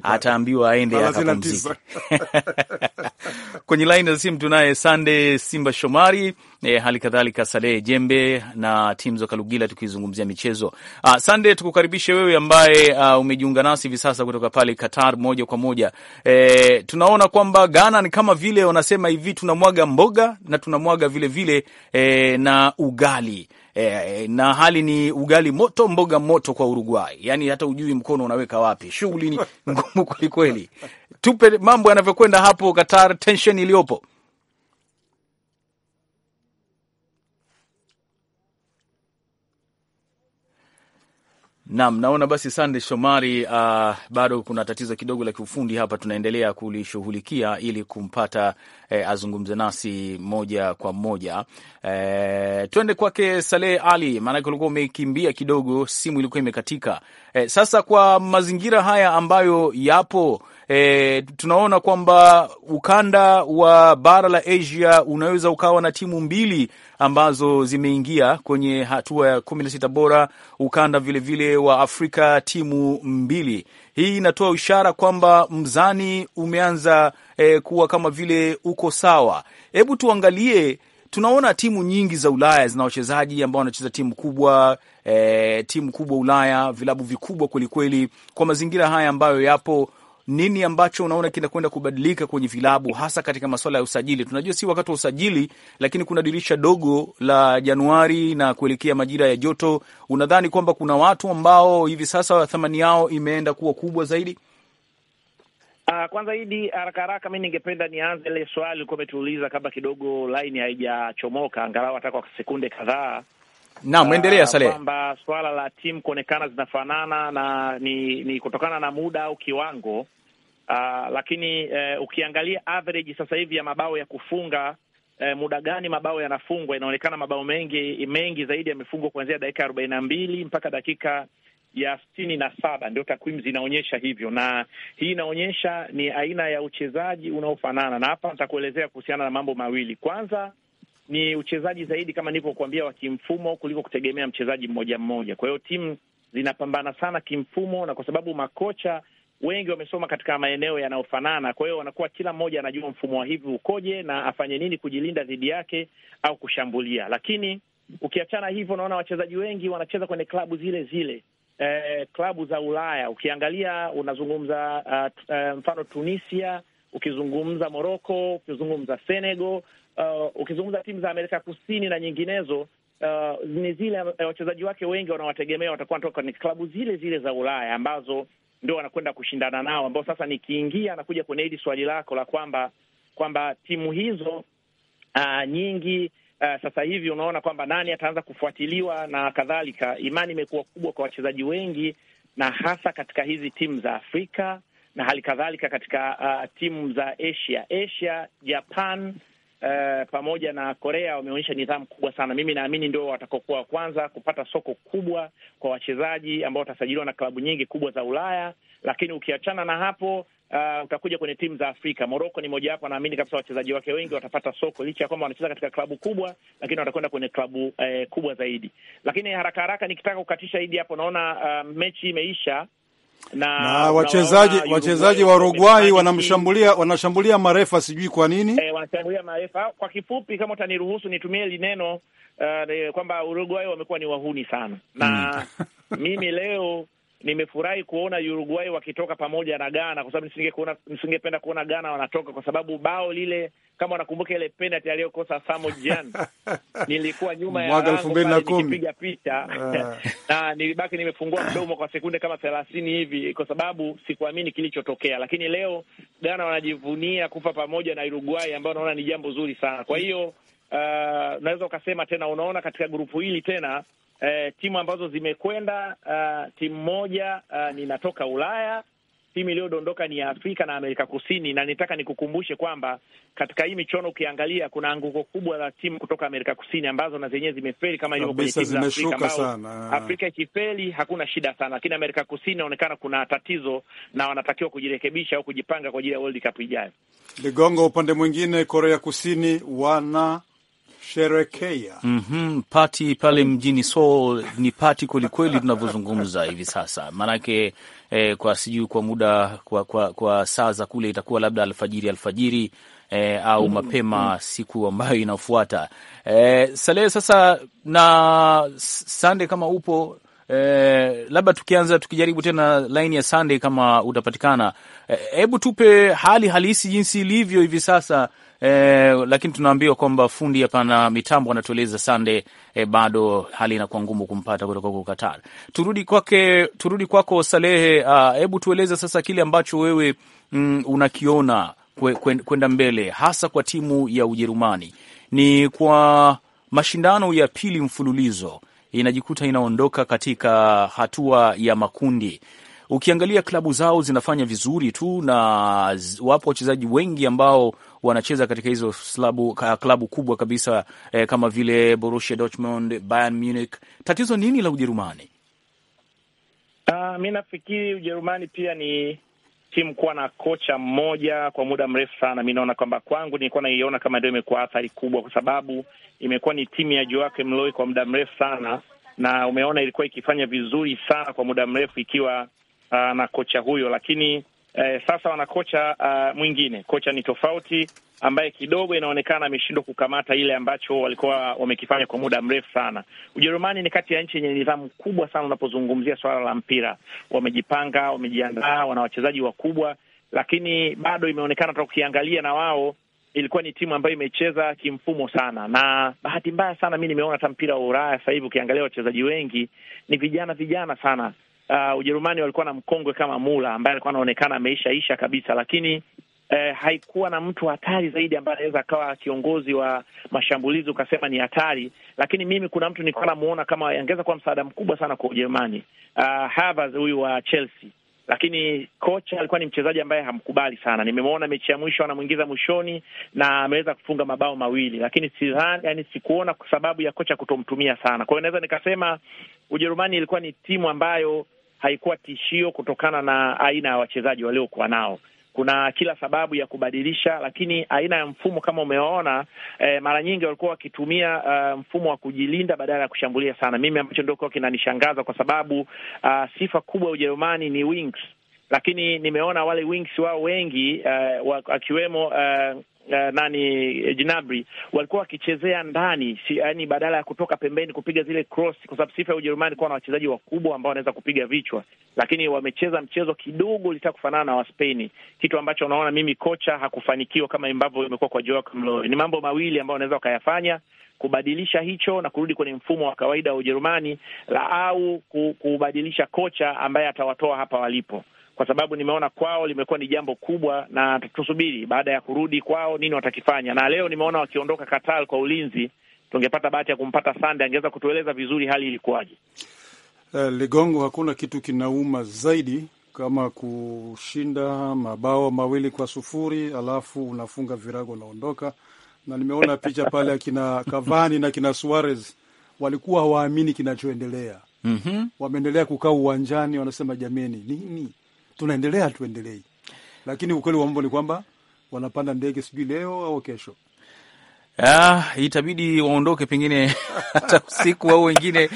ataambiwa aende akapumzike. Kwenye laini ya simu tunaye Sande Simba Shomari e, hali kadhalika Salehe Jembe na timu za Kalugila tukizungumzia michezo. Uh, Sande, tukukaribishe wewe ambaye uh, umejiunga nasi hivi sasa kutoka pale Qatar moja kwa moja. E, tunaona kwamba Ghana ni kama vile wanasema hivi tunamwaga mboga na tunamwaga vilevile vile, e, na ugali E, na hali ni ugali moto mboga moto kwa Uruguay, yaani hata ujui mkono unaweka wapi. Shughuli ni ngumu kwelikweli. Tupe mambo yanavyokwenda hapo Qatar, tension iliyopo. Naam, naona basi Sande Shomari, uh, bado kuna tatizo kidogo la kiufundi hapa, tunaendelea kulishughulikia ili kumpata eh, azungumze nasi moja kwa moja. Eh, twende kwake Saleh Ali, maanake ulikuwa umekimbia kidogo, simu ilikuwa imekatika. E, sasa kwa mazingira haya ambayo yapo e, tunaona kwamba ukanda wa bara la Asia unaweza ukawa na timu mbili ambazo zimeingia kwenye hatua ya kumi na sita bora, ukanda vilevile vile wa Afrika timu mbili. Hii inatoa ishara kwamba mzani umeanza e, kuwa kama vile uko sawa. Hebu tuangalie tunaona timu nyingi za Ulaya zina wachezaji ambao wanacheza timu kubwa e, timu kubwa Ulaya, vilabu vikubwa kwelikweli. Kwa mazingira haya ambayo yapo, nini ambacho unaona kinakwenda kubadilika kwenye vilabu, hasa katika masuala ya usajili? Tunajua si wakati wa usajili, lakini kuna dirisha dogo la Januari na kuelekea majira ya joto. Unadhani kwamba kuna watu ambao hivi sasa thamani yao imeenda kuwa kubwa zaidi? Uh, kwanza Idi, haraka haraka, mi ningependa nianze ile swali ulikuwa umetuuliza kabla kidogo laini haijachomoka, angalau hata kwa sekunde kadhaa. Naam, endelea ah, Saleh. Uh, kwamba swala la timu kuonekana zinafanana na ni, ni kutokana na muda au kiwango uh, lakini uh, ukiangalia average sasa hivi ya mabao ya kufunga uh, muda gani mabao yanafungwa, inaonekana mabao mengi mengi zaidi yamefungwa kuanzia dakika arobaini na mbili mpaka dakika ya sitini na saba ndio takwimu zinaonyesha hivyo, na hii inaonyesha ni aina ya uchezaji unaofanana, na hapa nitakuelezea kuhusiana na mambo mawili. Kwanza ni uchezaji zaidi, kama nilivyokuambia, wa kimfumo kuliko kutegemea mchezaji mmoja mmoja. Kwa hiyo timu zinapambana sana kimfumo, na kwa sababu makocha wengi wamesoma katika maeneo yanayofanana, kwa hiyo wanakuwa kila mmoja anajua mfumo wa hivi ukoje na afanye nini kujilinda dhidi yake au kushambulia. Lakini ukiachana hivyo, unaona wachezaji wengi wanacheza kwenye klabu zile zile eh, klabu za Ulaya. Ukiangalia unazungumza uh, uh, mfano Tunisia, ukizungumza Moroko, ukizungumza Senegal, uh, ukizungumza timu za Amerika Kusini na nyinginezo uh, ni zile wachezaji wake wengi wanawategemea watakuwa wanatoka ni klabu zile zile za Ulaya ambazo ndio wanakwenda kushindana nao, ambao sasa nikiingia nakuja kwenye hili swali lako la kwamba kwamba timu hizo uh, nyingi uh, sasa hivi unaona kwamba nani ataanza kufuatiliwa na kadhalika. Imani imekuwa kubwa kwa wachezaji wengi, na hasa katika hizi timu za Afrika na hali kadhalika katika uh, timu za Asia, Asia, Japan uh, pamoja na Korea wameonyesha nidhamu kubwa sana. Mimi naamini ndio watakokuwa wa kwanza kupata soko kubwa kwa wachezaji ambao watasajiliwa na klabu nyingi kubwa za Ulaya, lakini ukiachana na hapo Uh, utakuja kwenye timu za Afrika. moroko ni mojawapo, naamini kabisa wachezaji wake wengi watapata soko, licha ya kwamba wanacheza katika klabu kubwa, lakini watakwenda kwenye klabu eh, kubwa zaidi. Lakini haraka haraka nikitaka kukatisha hidi hapo, naona uh, mechi imeisha na, na wachezaji wachezaji wa Uruguay wanamshambulia wanashambulia marefa, sijui kwa nini e, wanashambulia marefa. Kwa kifupi, kama utaniruhusu nitumie lineno uh, eh, kwamba Uruguay wamekuwa ni wahuni sana na hmm. mimi leo nimefurahi kuona Uruguay wakitoka pamoja na Ghana kwa sababu nisingependa kuona Ghana wanatoka, kwa sababu bao lile, kama wanakumbuka ile penalty aliyokosa Samo Gyan nilikuwa nyuma ya elfu mbili na kumi nikipiga picha ah. na nilibaki nimefungua mdomo kwa sekunde kama thelathini hivi, kwa sababu sikuamini kilichotokea. Lakini leo Ghana wanajivunia kufa pamoja na Uruguay, ambayo naona ni jambo zuri sana. Kwa hiyo uh, ah, unaweza ukasema tena, unaona katika grupu hili tena eh, timu ambazo zimekwenda uh, timu moja uh, ninatoka Ulaya, timu iliyodondoka ni ya Afrika na Amerika Kusini, na nitaka nikukumbushe kwamba katika hii michuano ukiangalia, kuna anguko kubwa la timu kutoka Amerika Kusini ambazo na zenyewe zimefeli kama ilivyo kwenye timu za Afrika, ambao Afrika ikifeli hakuna shida sana, lakini Amerika Kusini inaonekana kuna tatizo na wanatakiwa kujirekebisha au kujipanga kwa ajili ya World Cup ijayo. Ligongo, upande mwingine Korea Kusini wana Sherekea mm -hmm. Pati pale mjini Seoul ni pati kwelikweli, tunavyozungumza hivi sasa maanake eh, kwa sijui kwa muda kwa, kwa, kwa saa za kule itakuwa labda alfajiri alfajiri eh, au mm-hmm. mapema mm siku ambayo inafuata eh, Salehe sasa na Sande kama upo Eh, labda tukianza tukijaribu tena laini ya Sande kama utapatikana, eh, hebu eh, tupe hali halisi jinsi ilivyo hivi sasa eh, lakini tunaambiwa kwamba fundi hapa na mitambo anatueleza Sande, eh, bado hali inakuwa ngumu kumpata kutoka huko Qatar. Turudi kwake, turudi kwako Salehe. Ah, hebu uh, tueleze sasa kile ambacho wewe mm, unakiona kwenda kwen, mbele hasa kwa timu ya Ujerumani ni kwa mashindano ya pili mfululizo inajikuta inaondoka katika hatua ya makundi. Ukiangalia klabu zao zinafanya vizuri tu, na wapo wachezaji wengi ambao wanacheza katika hizo slabu, klabu kubwa kabisa eh, kama vile Borussia Dortmund, Bayern Munich. Tatizo nini la Ujerumani? Uh, mi nafikiri Ujerumani pia ni timu kuwa na kocha mmoja kwa muda mrefu sana. Mi naona kwamba kwangu nilikuwa naiona kama ndio imekuwa athari kubwa, kwa sababu imekuwa ni timu ya Joachim Low kwa muda mrefu sana, na umeona ilikuwa ikifanya vizuri sana kwa muda mrefu ikiwa uh, na kocha huyo, lakini eh, sasa wana kocha uh, mwingine, kocha ni tofauti ambaye kidogo inaonekana ameshindwa kukamata ile ambacho walikuwa wamekifanya kwa muda mrefu sana. Ujerumani ni kati ya nchi yenye nidhamu kubwa sana unapozungumzia swala la mpira. Wamejipanga, wamejiandaa, wana wachezaji wakubwa, lakini bado imeonekana hata ukiangalia na wao ilikuwa ni timu ambayo imecheza kimfumo sana, na bahati mbaya sana mi nimeona hata mpira wa Ulaya sasa hivi ukiangalia wachezaji wengi ni vijana vijana sana, uh, Ujerumani walikuwa na mkongwe kama Mula ambaye alikuwa anaonekana ameishaisha kabisa, lakini eh, haikuwa na mtu hatari zaidi ambaye anaweza akawa kiongozi wa mashambulizi ukasema ni hatari. Lakini mimi kuna mtu nilikuwa namuona kama angeweza kuwa msaada mkubwa sana kwa Ujerumani, uh, Havertz huyu wa Chelsea lakini kocha alikuwa ni mchezaji ambaye hamkubali sana. Nimemwona mechi ya mwisho anamwingiza mwishoni na ameweza kufunga mabao mawili, lakini sidhani, yani sikuona kwa sababu ya kocha kutomtumia sana. Kwa hiyo naweza nikasema Ujerumani ilikuwa ni timu ambayo haikuwa tishio kutokana na aina ya wachezaji waliokuwa nao. Kuna kila sababu ya kubadilisha, lakini aina ya mfumo kama umewaona, eh, mara nyingi walikuwa wakitumia uh, mfumo wa kujilinda badala ya kushambulia sana, mimi ambacho ndio kinanishangaza kwa sababu uh, sifa kubwa ya Ujerumani ni wings lakini nimeona wale wings wao wengi uh, akiwemo uh, uh, nani eh, Gnabry walikuwa wakichezea ndani si, yani badala ya kutoka pembeni kupiga zile cross, kwa sababu sifa ya Ujerumani kuwa na wachezaji wakubwa ambao wanaweza kupiga vichwa, lakini wamecheza mchezo kidogo ulitaka kufanana na Waspeni, kitu ambacho unaona mimi kocha hakufanikiwa kama ambavyo imekuwa kwa Joachim Ni mambo mawili ambayo wanaweza wakayafanya kubadilisha hicho na kurudi kwenye mfumo wa kawaida wa Ujerumani la au kubadilisha kocha ambaye atawatoa hapa walipo kwa sababu nimeona kwao limekuwa ni jambo kubwa, na tusubiri baada ya kurudi kwao nini watakifanya. Na leo nimeona wakiondoka Katal kwa ulinzi, tungepata bahati ya kumpata Sande, angeweza kutueleza vizuri hali ilikuwaje. Uh, Ligongo, hakuna kitu kinauma zaidi kama kushinda mabao mawili kwa sufuri alafu unafunga virago unaondoka. Na nimeona picha pale akina Cavani na kina Suarez walikuwa hawaamini kinachoendelea. mm -hmm. Wameendelea kukaa uwanjani, wanasema jameni, nini tunaendelea tuendelei, lakini ukweli wa mambo ni kwamba wanapanda ndege sijui leo au kesho. Ah, itabidi waondoke pengine hata usiku au wengine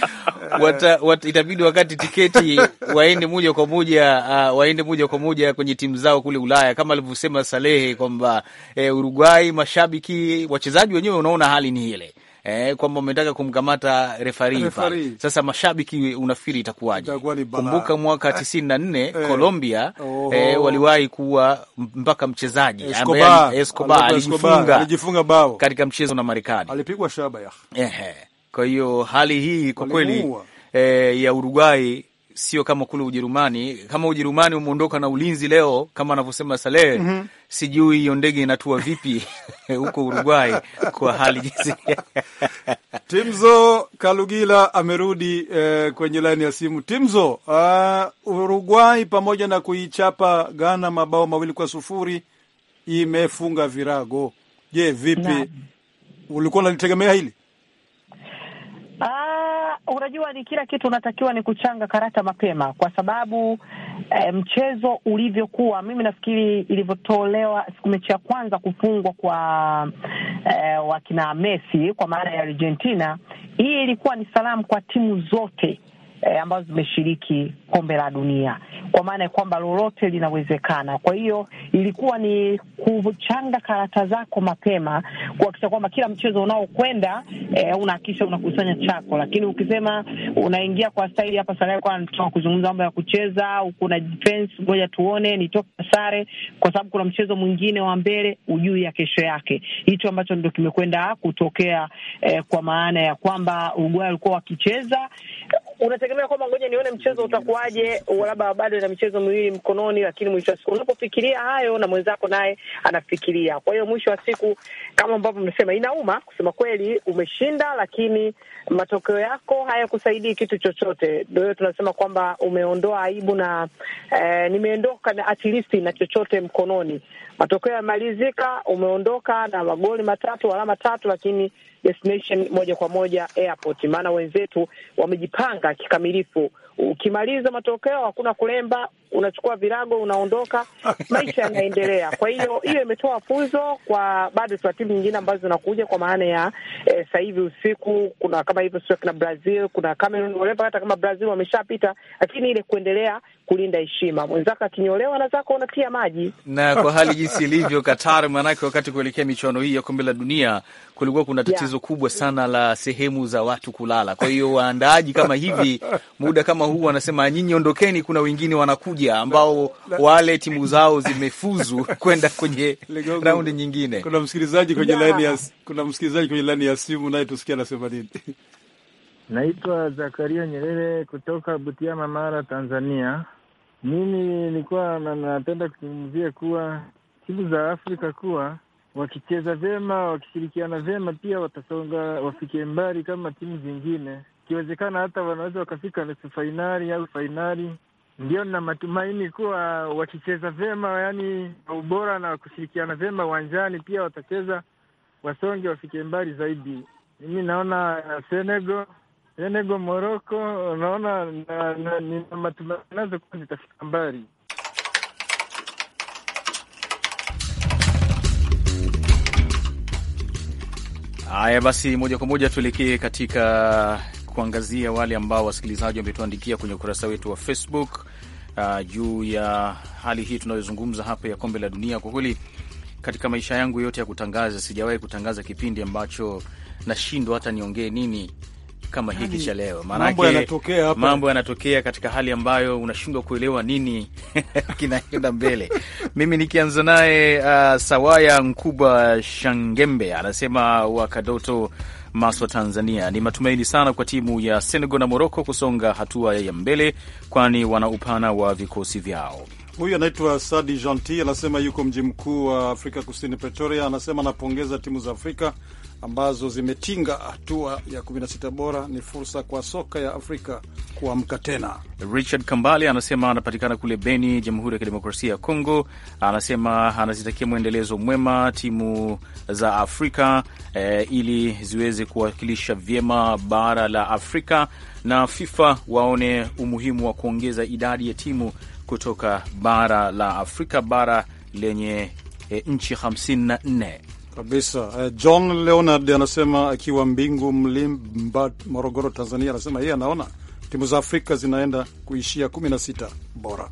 wata, wat, itabidi wakati tiketi waende moja kwa moja uh, waende moja kwa moja kwenye timu zao kule Ulaya kama alivyosema Salehe kwamba eh, Uruguay mashabiki, wachezaji wenyewe, unaona hali ni ile eh, kwamba umetaka kumkamata refari, Sasa mashabiki unafikiri itakuwaje? Kumbuka mwaka eh. tisini na nne eh. Colombia eh, waliwahi kuwa mpaka mchezaji Escobar alijifunga, bao katika mchezo na Marekani, alipigwa shaba ya kwa hiyo hali hii kwa kweli eh, ya Uruguay sio kama kule Ujerumani. Kama Ujerumani umeondoka na ulinzi leo kama anavyosema Saleh mm -hmm. Sijui hiyo ndege inatua vipi huko Uruguay kwa hali jinsi Timzo Kalugila amerudi eh, kwenye laini ya simu. Timzo, uh, Uruguay pamoja na kuichapa Ghana mabao mawili kwa sufuri imefunga virago. Je, vipi na, ulikuwa unalitegemea hili? ah unajua ni kila kitu unatakiwa ni kuchanga karata mapema, kwa sababu eh, mchezo ulivyokuwa, mimi nafikiri ilivyotolewa siku mechi ya kwanza kufungwa kwa eh, wakina Messi kwa maana ya Argentina, hii ilikuwa ni salamu kwa timu zote eh, ambazo zimeshiriki kombe la dunia, kwa maana ya kwamba lolote linawezekana. Kwa hiyo ilikuwa ni kuchanga karata zako mapema kuhakikisha kwamba kila mchezo unaokwenda eh, unahakikisha unakusanya chako, lakini ukisema unaingia kwa staili hapa sare kwa kuzungumza mambo ya kucheza au na defense, ngoja tuone nitoke sare kwa sababu kuna mchezo mwingine wa mbele, ujui ya kesho yake. Hicho ambacho ndio kimekwenda kutokea eh, kwa maana ya kwamba Uruguay walikuwa wakicheza unategemea kwamba ngoja nione mchezo utakuwaje, labda bado na michezo miwili mkononi, lakini mwisho wa siku unapofikiria hayo na mwenzako naye anafikiria. Kwa hiyo mwisho wa siku, kama ambavyo mnasema, inauma kusema kweli, umeshinda, lakini matokeo yako hayakusaidii kitu chochote. Ndio tunasema kwamba umeondoa aibu na eh, nimeondoka na at least na chochote mkononi. Matokeo yamalizika, umeondoka na magoli matatu, alama tatu, lakini destination moja kwa moja airport, maana wenzetu wamejipanga kikamilifu Ukimaliza matokeo, hakuna kulemba, unachukua virago, unaondoka, maisha yanaendelea. Kwa hiyo hiyo imetoa funzo kwa bado tuna timu nyingine ambazo zinakuja kwa maana ya e, sasa hivi usiku kuna kama hivyo sio kina Brazil, kuna Cameroon whatever. Hata kama Brazil wameshapita, lakini ile kuendelea kulinda heshima, mwenzako akinyolewa na zako unatia maji. Na kwa hali jinsi ilivyo Qatar, maanake wakati kuelekea michuano hii ya kombe la dunia kulikuwa kuna tatizo yeah, kubwa sana la sehemu za watu kulala. Kwa hiyo waandaaji kama hivi muda kama kama huu wanasema nyinyi ondokeni, kuna wengine wanakuja ambao la, la, wale timu zao zimefuzu kwenda kwenye raundi nyingine. Kuna msikilizaji kwenye laini ya kuna msikilizaji kwenye laini ya simu, naye tusikia anasema nini. Naitwa Zakaria Nyerere kutoka Butiama, Mara, Tanzania. Mimi nilikuwa napenda kuzungumzia kuwa timu za Afrika kuwa wakicheza vyema, wakishirikiana vyema, pia watasonga, wafikie mbali kama timu zingine ikiwezekana hata wanaweza wakafika nusu fainali au fainali. Ndio na matumaini kuwa wakicheza vyema, yani ubora na kushirikiana vyema uwanjani, pia watacheza wasonge, wafike mbali zaidi. Mimi naona Senegal, Senegal, Morocco, naona na, na, nina matumaini nazo kuwa zitafika mbali. Haya basi, moja kwa moja tuelekee katika kuangazia wale ambao wasikilizaji wametuandikia kwenye ukurasa wetu wa Facebook uh, juu ya hali hii tunayozungumza hapa ya kombe la dunia. Kwa kweli katika maisha yangu yote ya kutangaza sijawahi kutangaza kipindi ambacho nashindwa hata niongee nini kama hiki yaani, cha leo, maanake mambo yanatokea katika hali ambayo unashindwa kuelewa nini kinaenda mbele. Mimi nikianza naye uh, Sawaya Nkubwa Shangembe anasema Wakadoto Maswa, Tanzania, ni matumaini sana kwa timu ya Senegal na Moroko kusonga hatua ya mbele, kwani wana upana wa vikosi vyao. Huyu anaitwa Sadi Janti, anasema yuko mji mkuu wa Afrika Kusini, Pretoria. Anasema anapongeza timu za Afrika ambazo zimetinga hatua ya 16 bora, ni fursa kwa soka ya Afrika kuamka tena. Richard Kambale anasema anapatikana kule Beni, Jamhuri ya Kidemokrasia ya Kongo. Anasema anazitakia mwendelezo mwema timu za Afrika eh, ili ziweze kuwakilisha vyema bara la Afrika na FIFA waone umuhimu wa kuongeza idadi ya timu kutoka bara la Afrika, bara lenye eh, nchi 54 kabisa. Eh, John Leonard anasema akiwa Mbingu Mlimba, Morogoro, Tanzania, anasema yeye anaona timu za Afrika zinaenda kuishia sita bora.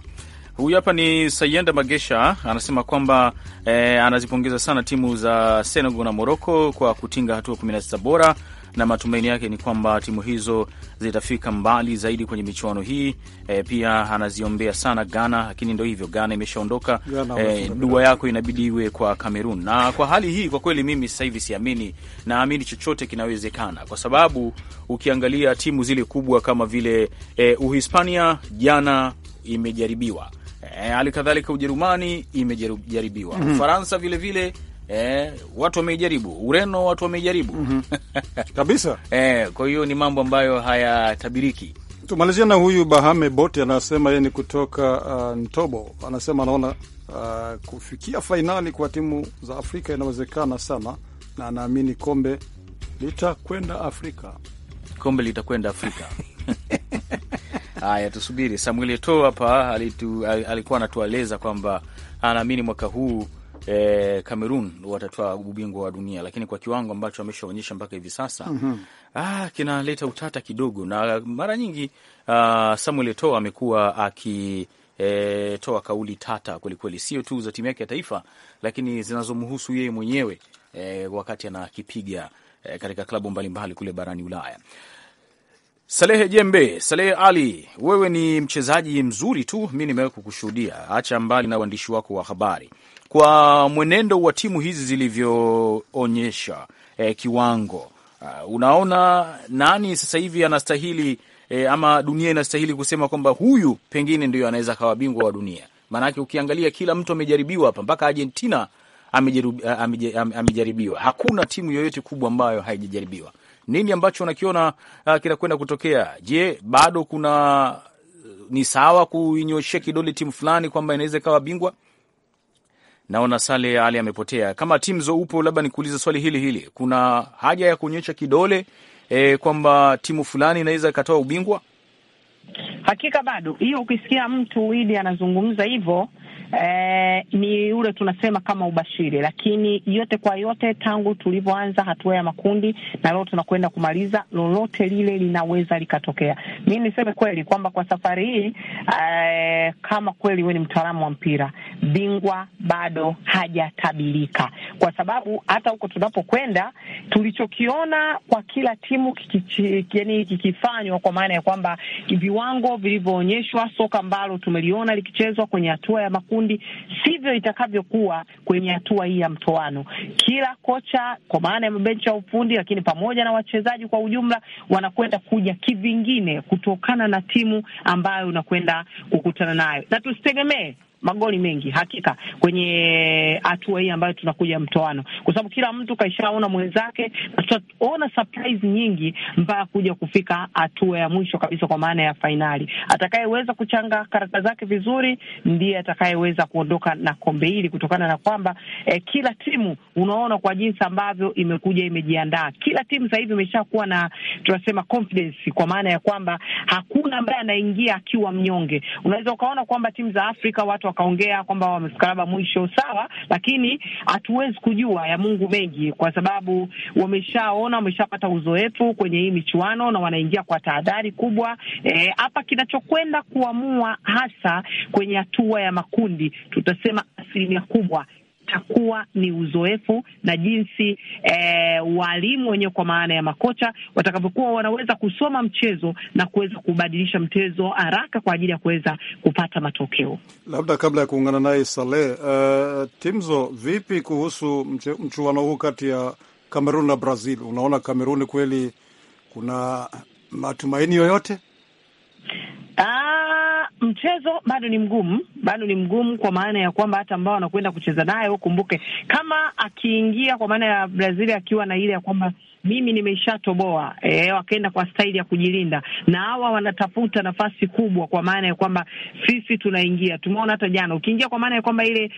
Huyu hapa ni Sayenda Magesha anasema kwamba eh, anazipongeza sana timu za Senegal na Moroko kwa kutinga hatua sita bora na matumaini yake ni kwamba timu hizo zitafika mbali zaidi kwenye michuano hii. E, pia anaziombea sana Ghana, lakini ndo hivyo, Ghana imeshaondoka. E, dua yako inabidi iwe kwa Kamerun. Na kwa hali hii, kwa kweli mimi sasa hivi siamini, naamini chochote kinawezekana, kwa sababu ukiangalia timu zile kubwa kama vile e, Uhispania jana imejaribiwa, hali e, kadhalika Ujerumani imejaribiwa, mm -hmm. Ufaransa vilevile Eh, watu wameijaribu Ureno, watu wameijaribu mm -hmm. kabisa eh, kwa hiyo ni mambo ambayo hayatabiriki. Tumalizia na huyu Bahame Boti anasema yeye ni kutoka uh, Ntobo, anasema anaona uh, kufikia fainali kwa timu za Afrika inawezekana sana, na anaamini kombe litakwenda Afrika, kombe litakwenda Afrika. Haya, tusubiri. Samuel Eto'o hapa alikuwa anatueleza kwamba anaamini mwaka huu eh, Cameroon watatwaa ubingwa wa dunia, lakini kwa kiwango ambacho ameshaonyesha mpaka hivi sasa mm -hmm. Ah, kinaleta utata kidogo, na mara nyingi ah, Samuel Eto'o amekuwa aki E, toa kauli tata kwelikweli, sio tu za timu yake ya taifa, lakini zinazomhusu yeye mwenyewe e, wakati anakipiga e, katika klabu mbalimbali kule barani Ulaya. Salehe Jembe, Salehe Ali, wewe ni mchezaji mzuri tu, mi nimeweza kukushuhudia, acha mbali na uandishi wako wa habari kwa mwenendo wa timu hizi zilivyoonyesha eh, kiwango uh, unaona nani sasa hivi anastahili eh, ama dunia inastahili kusema kwamba huyu pengine ndio anaweza akawa bingwa wa dunia? Maanake ukiangalia kila mtu amejaribiwa hapa, mpaka Argentina amejaribiwa. Hakuna timu yoyote kubwa ambayo haijajaribiwa. Nini ambacho unakiona uh, kinakwenda kutokea? Je, bado kuna ni sawa kuinyoshea kidole timu fulani kwamba inaweza ikawa bingwa? Naona Sale Ali amepotea. Kama Timzo upo, labda nikuulize swali hili hili, kuna haja ya kuonyesha kidole e, kwamba timu fulani inaweza ikatoa ubingwa? Hakika bado hiyo, ukisikia mtu Idi anazungumza hivyo eh, ni ule tunasema kama ubashiri, lakini yote kwa yote, tangu tulivyoanza hatua ya makundi na leo tunakwenda kumaliza, lolote lile linaweza likatokea. Mi niseme kweli kwamba kwa safari hii eh, kama kweli wewe ni mtaalamu wa mpira, bingwa bado hajatabilika, kwa sababu hata huko tunapokwenda tulichokiona kwa kila timu yaani kikifanywa, kwa maana ya kwamba viwango vilivyoonyeshwa, soka ambalo tumeliona likichezwa kwenye hatua ya makundi makundi, sivyo itakavyokuwa kwenye hatua hii ya mtoano. Kila kocha kwa maana ya mabenchi ya ufundi, lakini pamoja na wachezaji kwa ujumla, wanakwenda kuja kivingine kutokana na timu ambayo unakwenda kukutana nayo, na tusitegemee magoli mengi hakika kwenye eh, hatua hii ambayo tunakuja mtoano, kwa sababu kila mtu kaishaona mwenzake, na tutaona surprise nyingi mpaka kuja kufika hatua ya mwisho kabisa, kwa maana ya fainali. Atakayeweza kuchanga karata zake vizuri ndiye atakayeweza kuondoka na kombe hili, kutokana na kwamba eh, kila timu unaona kwa jinsi ambavyo imekuja imejiandaa. Kila timu sasa hivi imeshakuwa na tunasema confidence, kwa maana ya kwamba hakuna ambaye anaingia akiwa mnyonge. Unaweza ukaona kwamba timu za Afrika watu wakaongea kwamba wamemsalaba mwisho, sawa, lakini hatuwezi kujua ya Mungu mengi, kwa sababu wameshaona, wameshapata uzoefu kwenye hii michuano na wanaingia kwa tahadhari kubwa e, hapa. E, kinachokwenda kuamua hasa kwenye hatua ya makundi, tutasema asilimia kubwa itakuwa ni uzoefu na jinsi eh, walimu wenyewe kwa maana ya makocha watakavyokuwa wanaweza kusoma mchezo na kuweza kubadilisha mchezo haraka kwa ajili ya kuweza kupata matokeo. Labda kabla ya kuungana naye Saleh, uh, Timzo, vipi kuhusu mchuano huu kati ya Kamerun na Brazil? Unaona Kamerun kweli kuna matumaini yoyote? mchezo bado ni mgumu, bado ni mgumu kwa maana ya kwamba hata ambao wanakwenda kucheza naye ukumbuke kama akiingia, kwa maana ya Brazil akiwa na ile ya kwamba mimi nimeshatoboa, eh, wakaenda kwa staili ya kujilinda, na hawa wanatafuta nafasi kubwa, kwa maana ya kwamba sisi tunaingia. Tumeona hata jana ukiingia, kwa maana ya kwamba ile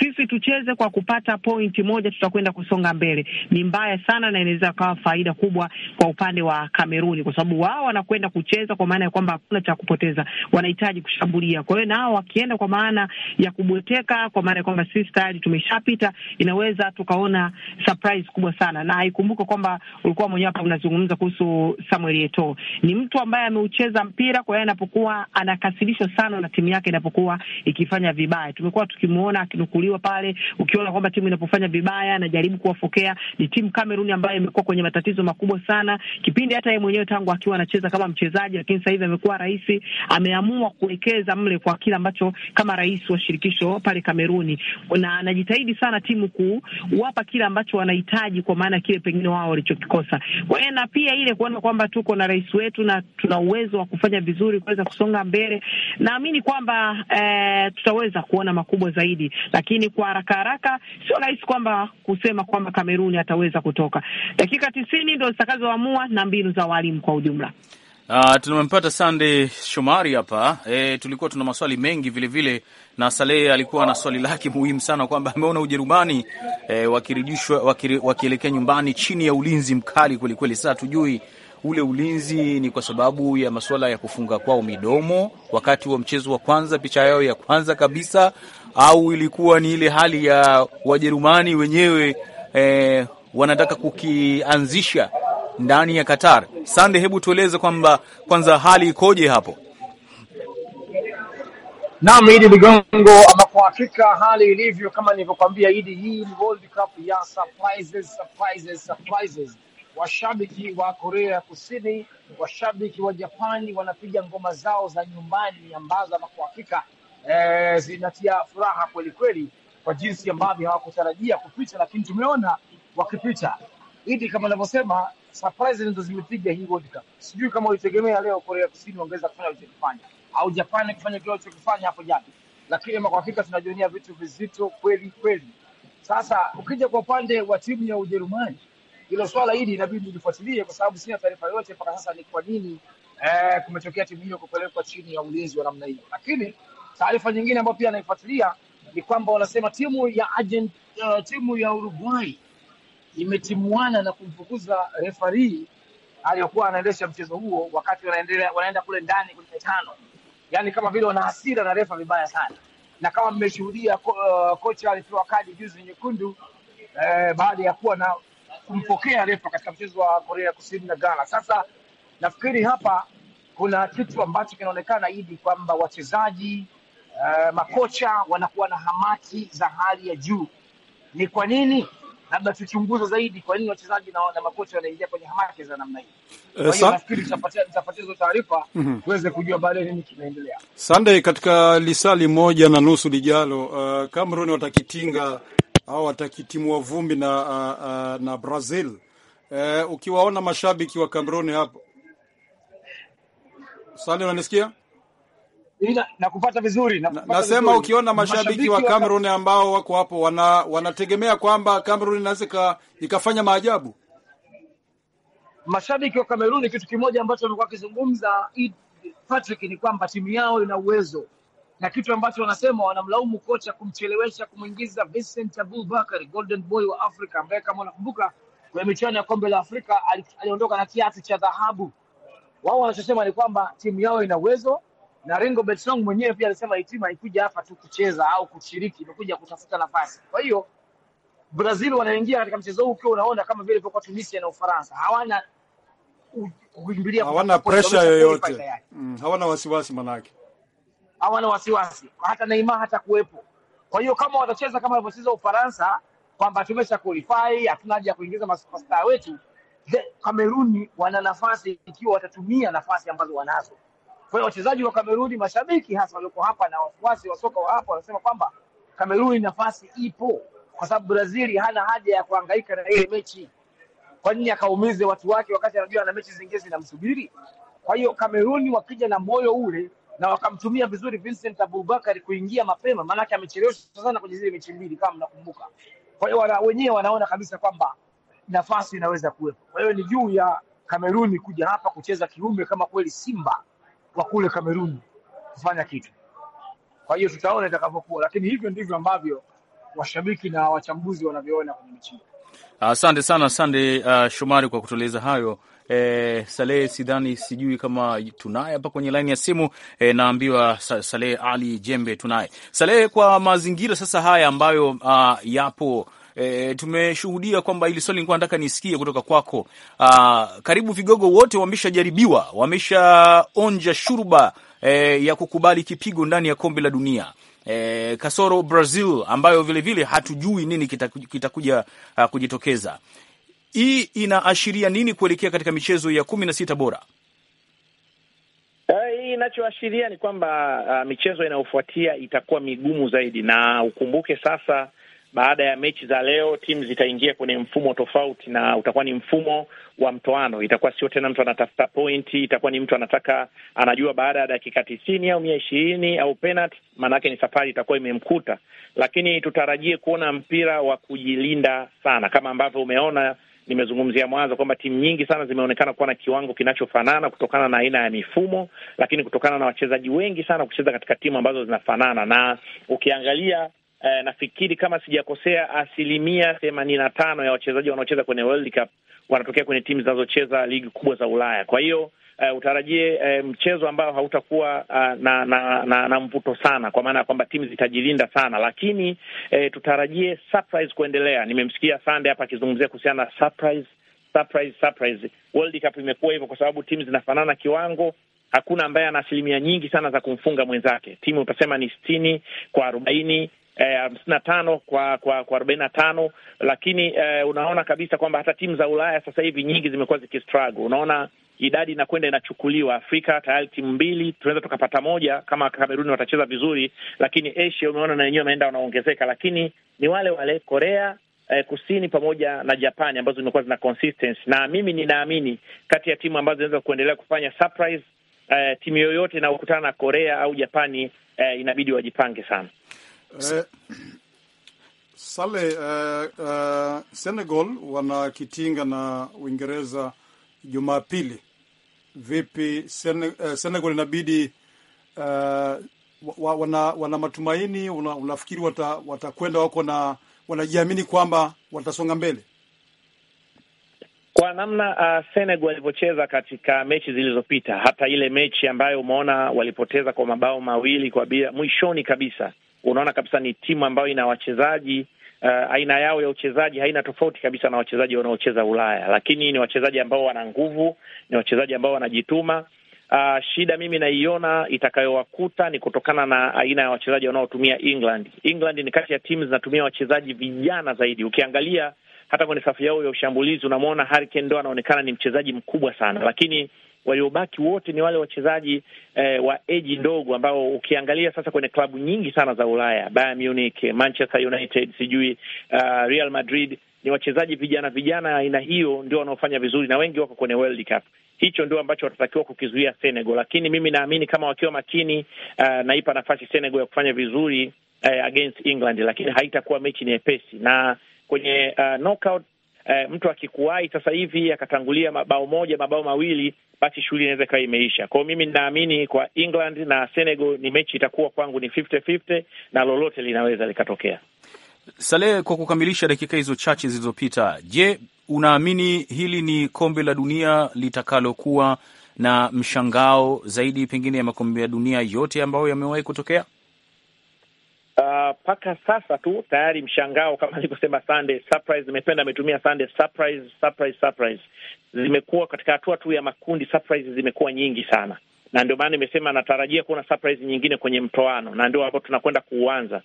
sisi tucheze kwa kupata pointi moja, tutakwenda kusonga mbele, ni mbaya sana, na inaweza kawa faida kubwa kwa upande wa Kameruni, kwa sababu wao wanakwenda kucheza kwa maana ya kwamba hakuna cha kupoteza, wanahitaji kushambulia. Kwa hiyo nao wakienda kwa maana ya kubweteka, kwa maana ya kwamba sisi tayari tumeshapita, inaweza tukaona surprise kubwa sana, na ikumbuke kwamba ulikuwa mwenyewe hapa unazungumza kuhusu Samuel Eto'o, ni mtu ambaye ameucheza mpira, kwa yeye, anapokuwa anakasirishwa sana na timu yake inapokuwa ikifanya vibaya. Tumekuwa tukimuona akinukuliwa pale, ukiona kwamba timu inapofanya vibaya anajaribu kuwafokea. Ni timu Cameroon ambayo imekuwa kwenye matatizo makubwa sana kipindi hata yeye mwenyewe tangu akiwa anacheza kama mchezaji, lakini sasa hivi amekuwa rais, ameamua kuwekeza mle kwa kile ambacho kama rais wa shirikisho pale Kameruni, na anajitahidi sana timu kuwapa kile ambacho wanahitaji, kwa maana kile pengine wao tulichokikosa. Kwa hiyo na pia ile kuona kwamba tuko na rais wetu na tuna uwezo wa kufanya vizuri kuweza kusonga mbele, naamini kwamba eh, tutaweza kuona makubwa zaidi, lakini kwa haraka haraka sio rahisi kwamba kusema kwamba Kameruni ataweza kutoka. Dakika tisini ndo zitakazoamua na mbinu za walimu kwa ujumla. Uh, ah, tumempata Sande Shomari hapa e, tulikuwa tuna maswali mengi vilevile vile, na Saleh alikuwa na swali lake muhimu sana kwamba ameona Ujerumani e, wakirudishwa wakielekea nyumbani chini ya ulinzi mkali kwelikweli. Sasa tujui ule ulinzi ni kwa sababu ya masuala ya kufunga kwao midomo wakati wa mchezo wa kwanza, picha yao ya kwanza kabisa, au ilikuwa ni ile hali ya Wajerumani wenyewe e, wanataka kukianzisha ndani ya Qatar. Sande, hebu tueleze kwamba kwanza hali ikoje hapo? Naam, Idi Ligongo, ama kwa hakika hali ilivyo kama nilivyokwambia Idi, hii ni World Cup ya surprises, surprises, surprises. Washabiki wa Korea ya Kusini, washabiki wa Japani wanapiga ngoma zao za nyumbani ambazo ama kwa hakika eh, zinatia furaha kweli kweli kwa jinsi ambavyo hawakutarajia kupita, lakini tumeona wakipita. Idi, kama ninavyosema, surprise ndizo zimepiga hii World Cup. Sijui kama ulitegemea leo Korea Kusini wangeweza kufanya walichokifanya au Japani kufanya kile walichokifanya hapo jana, lakini kwa hakika tunajionia vitu vizito kweli kweli. Sasa ukija kwa upande wa timu ya Ujerumani, hilo swala hili inabidi ulifuatilie, kwa sababu sina taarifa yoyote mpaka sasa, ni kwa nini eh, kumetokea timu hiyo kupelekwa chini ya ulinzi wa namna hiyo. Lakini taarifa nyingine ambayo pia naifuatilia ni kwamba wanasema timu ya Argentina, uh, eh, timu ya Uruguay imetimuana na kumfukuza refarii aliyokuwa anaendesha mchezo huo wakati wanaendelea wanaenda kule ndani kwenye tano, yani kama vile wana hasira na refa vibaya sana, na kama mmeshuhudia ko, uh, kocha alipewa kadi juzi nyekundu eh, baada ya kuwa na kumpokea refa katika mchezo wa Korea Kusini na Ghana. Sasa nafikiri hapa kuna kitu ambacho kinaonekana Idi, kwamba wachezaji eh, makocha wanakuwa na hamati za hali ya juu. Ni kwa nini? labda tuchunguze zaidi kwa nini wachezaji na, na makocha wanaingia kwenye hamaki za namna hii. Eh, kwa hiyo nafikiri tutapatia hizo taarifa mhm. tuweze kujua baadaye nini kinaendelea. Sunday, katika lisali moja na nusu lijalo, uh, Cameroon watakitinga au watakitimua vumbi na, uh, uh, na Brazil. Uh, ukiwaona mashabiki wa Cameroon hapo, Sunday, unanisikia? nakupata vizuri na, nasema vizuri. Ukiona mashabiki wa Cameroon ambao wako hapo wana, wanategemea kwamba Cameroon inaweza ikafanya maajabu. Mashabiki wa Cameroon, kitu kimoja ambacho walikuwa wakizungumza Patrick ni kwamba timu yao ina uwezo na kitu ambacho wanasema wanamlaumu kocha kumchelewesha kumwingiza Vincent Abubakar, golden boy wa Afrika, ambaye kama unakumbuka kwenye michuano ya kombe la Afrika aliondoka na kiatu cha dhahabu. Wao wanachosema ni kwamba timu yao ina uwezo na Ringo Betsong mwenyewe pia alisema hii timu hapa tu kucheza au kushiriki, imekuja kutafuta nafasi. Kwa hiyo Brazil wanaingia katika mchezo huu ukiwa unaona kama vile ilivyokuwa Tunisia na Ufaransa, hawana kukimbilia, hawana presha yoyote, mm, hawana wasiwasi, manake hawana wasiwasi, hata Neymar hata kuwepo. Kwa hiyo kama watacheza kama walivyocheza Ufaransa, kwamba tumesha qualify, hatuna haja ya kuingiza masupasta wetu, Kameruni wana nafasi ikiwa watatumia nafasi ambazo wanazo kwa hiyo wachezaji wa Kameruni, mashabiki hasa walioko hapa na wafuasi wa soka wa hapa wanasema kwamba Kameruni nafasi ipo, kwa sababu Brazili hana haja ya kuhangaika na ile mechi. Kwa nini akaumize watu wake wakati anajua ana mechi zingine zinamsubiri? Kwa hiyo Kameruni wakija na moyo ule na wakamtumia vizuri Vincent Abubakar kuingia mapema, maanake amechelewesha sana kwenye zile mechi mbili kama mnakumbuka. Kwa hiyo wana, wenyewe wanaona kabisa kwamba nafasi inaweza kuwepo. Kwa hiyo ni juu ya Kameruni kuja hapa kucheza kiumbe kama kweli Simba wa kule Kamerun kufanya kitu. Kwa hiyo tutaona itakavyokuwa, lakini hivyo ndivyo ambavyo washabiki na wachambuzi wanavyoona kwenye mechi. Asante uh, sana Sande uh, Shomari kwa kutueleza hayo. Eh, Saleh sidhani, sijui kama tunaye hapa kwenye laini ya simu e, naambiwa Saleh Ali Jembe tunaye Saleh. Kwa mazingira sasa haya ambayo uh, yapo E, tumeshuhudia kwamba hili swali nilikuwa nataka nisikie kutoka kwako. Aa, ah, karibu vigogo wote wameshajaribiwa, wameshaonja shuruba e, eh, ya kukubali kipigo ndani ya kombe la dunia e, kasoro Brazil ambayo vilevile vile hatujui nini kitakuja kita ah, kujitokeza. Hii inaashiria nini kuelekea katika michezo ya kumi na sita bora? Hii inachoashiria ni kwamba uh, michezo inayofuatia itakuwa migumu zaidi, na ukumbuke sasa baada ya mechi za leo timu zitaingia kwenye mfumo tofauti, na utakuwa ni mfumo wa mtoano. Itakuwa sio tena mtu anatafuta pointi, itakuwa ni mtu anataka, anajua baada ya dakika tisini au mia ishirini au penalti, maanake ni safari itakuwa imemkuta. Lakini tutarajie kuona mpira wa kujilinda sana, kama ambavyo umeona nimezungumzia mwanzo kwamba timu nyingi sana zimeonekana kuwa na kiwango kinachofanana kutokana na aina ya mifumo, lakini kutokana na wachezaji wengi sana kucheza katika timu ambazo zinafanana. Na ukiangalia eh, nafikiri kama sijakosea, asilimia themanini na tano ya wachezaji wanaocheza kwenye World Cup wanatokea kwenye timu zinazocheza ligi kubwa za Ulaya. Kwa hiyo Uh, utarajie uh, mchezo ambao hautakuwa uh, na, na, na, na mvuto sana, kwa maana ya kwamba timu zitajilinda sana, lakini uh, tutarajie surprise kuendelea. Nimemsikia Sande hapa akizungumzia kuhusiana na surprise, surprise, surprise. World Cup imekuwa hivyo kwa sababu timu zinafanana kiwango hakuna ambaye ana asilimia nyingi sana za kumfunga mwenzake. Timu utasema ni sitini kwa arobaini Eh, hamsini na tano kwa kwa kwa arobaini na tano lakini eh, unaona kabisa kwamba hata timu za Ulaya sasa hivi nyingi zimekuwa zikistruggle. Unaona idadi inakwenda inachukuliwa. Afrika tayari timu mbili, tunaweza tukapata moja kama Kameruni watacheza vizuri, lakini Asia umeona na wenyewe wameenda wanaongezeka, lakini ni wale wale Korea Eh, kusini pamoja na Japani ambazo zimekuwa zina consistency, na mimi ninaamini kati ya timu ambazo zinaweza kuendelea kufanya surprise eh, timu yoyote inayokutana na Korea au Japani eh, inabidi wajipange sana. Eh, sale uh, uh, Senegal wanakitinga na Uingereza Jumapili. Vipi Sene, uh, Senegal inabidi uh, wa, wana, wana matumaini? Una, unafikiri watakwenda wata wako na wanajiamini kwamba watasonga mbele kwa namna uh, Senegal walivyocheza katika mechi zilizopita, hata ile mechi ambayo umeona walipoteza kwa mabao mawili kwa bila, mwishoni kabisa unaona kabisa ni timu ambayo ina wachezaji Uh, aina yao ya uchezaji haina tofauti kabisa na wachezaji wanaocheza Ulaya, lakini ni wachezaji ambao wana nguvu, ni wachezaji ambao wanajituma. Uh, shida mimi naiona itakayowakuta ni kutokana na aina ya wachezaji wanaotumia England. England ni kati ya timu zinatumia wachezaji vijana zaidi. Ukiangalia hata kwenye safu yao ya ushambulizi unamwona Harry Kane ndo anaonekana ni mchezaji mkubwa sana, lakini waliobaki wote ni wale wachezaji eh, wa eji ndogo ambao ukiangalia sasa kwenye klabu nyingi sana za Ulaya, Bayern Munich, Manchester United, sijui uh, Real Madrid, ni wachezaji vijana vijana aina hiyo ndio wanaofanya vizuri na wengi wako kwenye World Cup. Hicho ndio ambacho watatakiwa kukizuia Senegal, lakini mimi naamini kama wakiwa makini, uh, naipa nafasi Senegal ya kufanya vizuri uh, against England, lakini haitakuwa mechi nyepesi na kwenye uh, knockout eh, mtu akikuwai sasa hivi akatangulia mabao moja mabao mawili, basi shughuli inaweza ikawa imeisha. kwao mimi ninaamini kwa England na Senegal ni mechi itakuwa kwangu ni 50-50 na lolote linaweza likatokea. Saleh, kwa kukamilisha dakika hizo chache zilizopita, je, unaamini hili ni kombe la dunia litakalokuwa na mshangao zaidi pengine ya makombe ya dunia yote ambayo yamewahi kutokea? Ah, mpaka uh, sasa tu tayari mshangao, kama alivyosema Sunday surprise, nimependa ametumia Sunday surprise, surprise, surprise. Zimekuwa katika hatua tu ya makundi, surprise zimekuwa nyingi sana, na ndio maana nimesema natarajia kuona surprise nyingine kwenye mtoano, na ndio ambao tunakwenda kuuanza.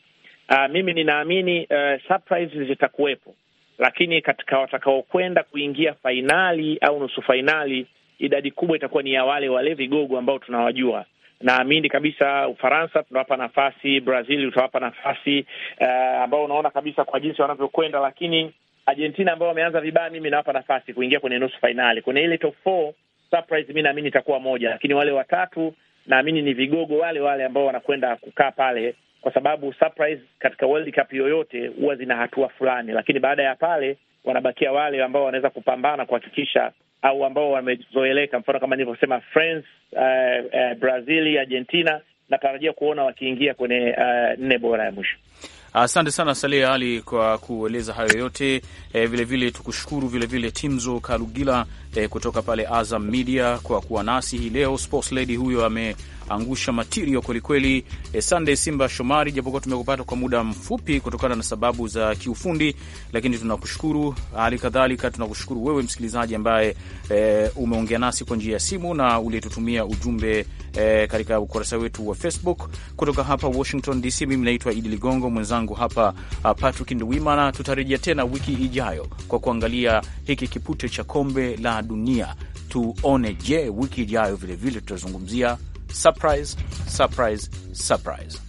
Uh, mimi ninaamini uh, surprise zitakuwepo, lakini katika watakaokwenda kuingia fainali au nusu fainali, idadi kubwa itakuwa ni ya wale wale vigogo ambao tunawajua naamini kabisa Ufaransa tunawapa nafasi, Brazil utawapa nafasi uh, ambao unaona kabisa kwa jinsi wanavyokwenda, lakini Argentina ambao wameanza vibaya, mimi nawapa nafasi kuingia kwenye nusu fainali, kwenye ile top four surprise. Mi naamini itakuwa moja, lakini wale watatu naamini ni vigogo wale wale ambao wanakwenda kukaa pale, kwa sababu surprise katika World Cup yoyote huwa zina hatua fulani, lakini baada ya pale wanabakia wale ambao wanaweza kupambana kuhakikisha au ambao wamezoeleka, mfano kama nilivyosema France, uh, uh, Brazil, Argentina, natarajia kuona wakiingia kwenye uh, nne bora ya mwisho. Asante sana Saleh Ali kwa kueleza hayo yote vilevile. Eh, vile tukushukuru vilevile Timzo Kalugila e, kutoka pale Azam Media kwa kuwa nasi hii leo. Sports lady huyo ameangusha matirio kwelikweli. E, eh, Sunday Simba Shomari, japokuwa tumekupata kwa muda mfupi kutokana na sababu za kiufundi, lakini tunakushukuru. Hali kadhalika tunakushukuru wewe msikilizaji ambaye e, umeongea nasi kwa njia ya simu na uliyetutumia ujumbe eh, katika ukurasa wetu wa Facebook. Kutoka hapa Washington DC, mimi naitwa Idi Ligongo, mwenzangu hapa uh, Patrick ndwimana Tutarejea tena wiki ijayo kwa kuangalia hiki kipute cha kombe la dunia. Tuone je, wiki ijayo vilevile tutazungumzia surprise, surprise, surprise.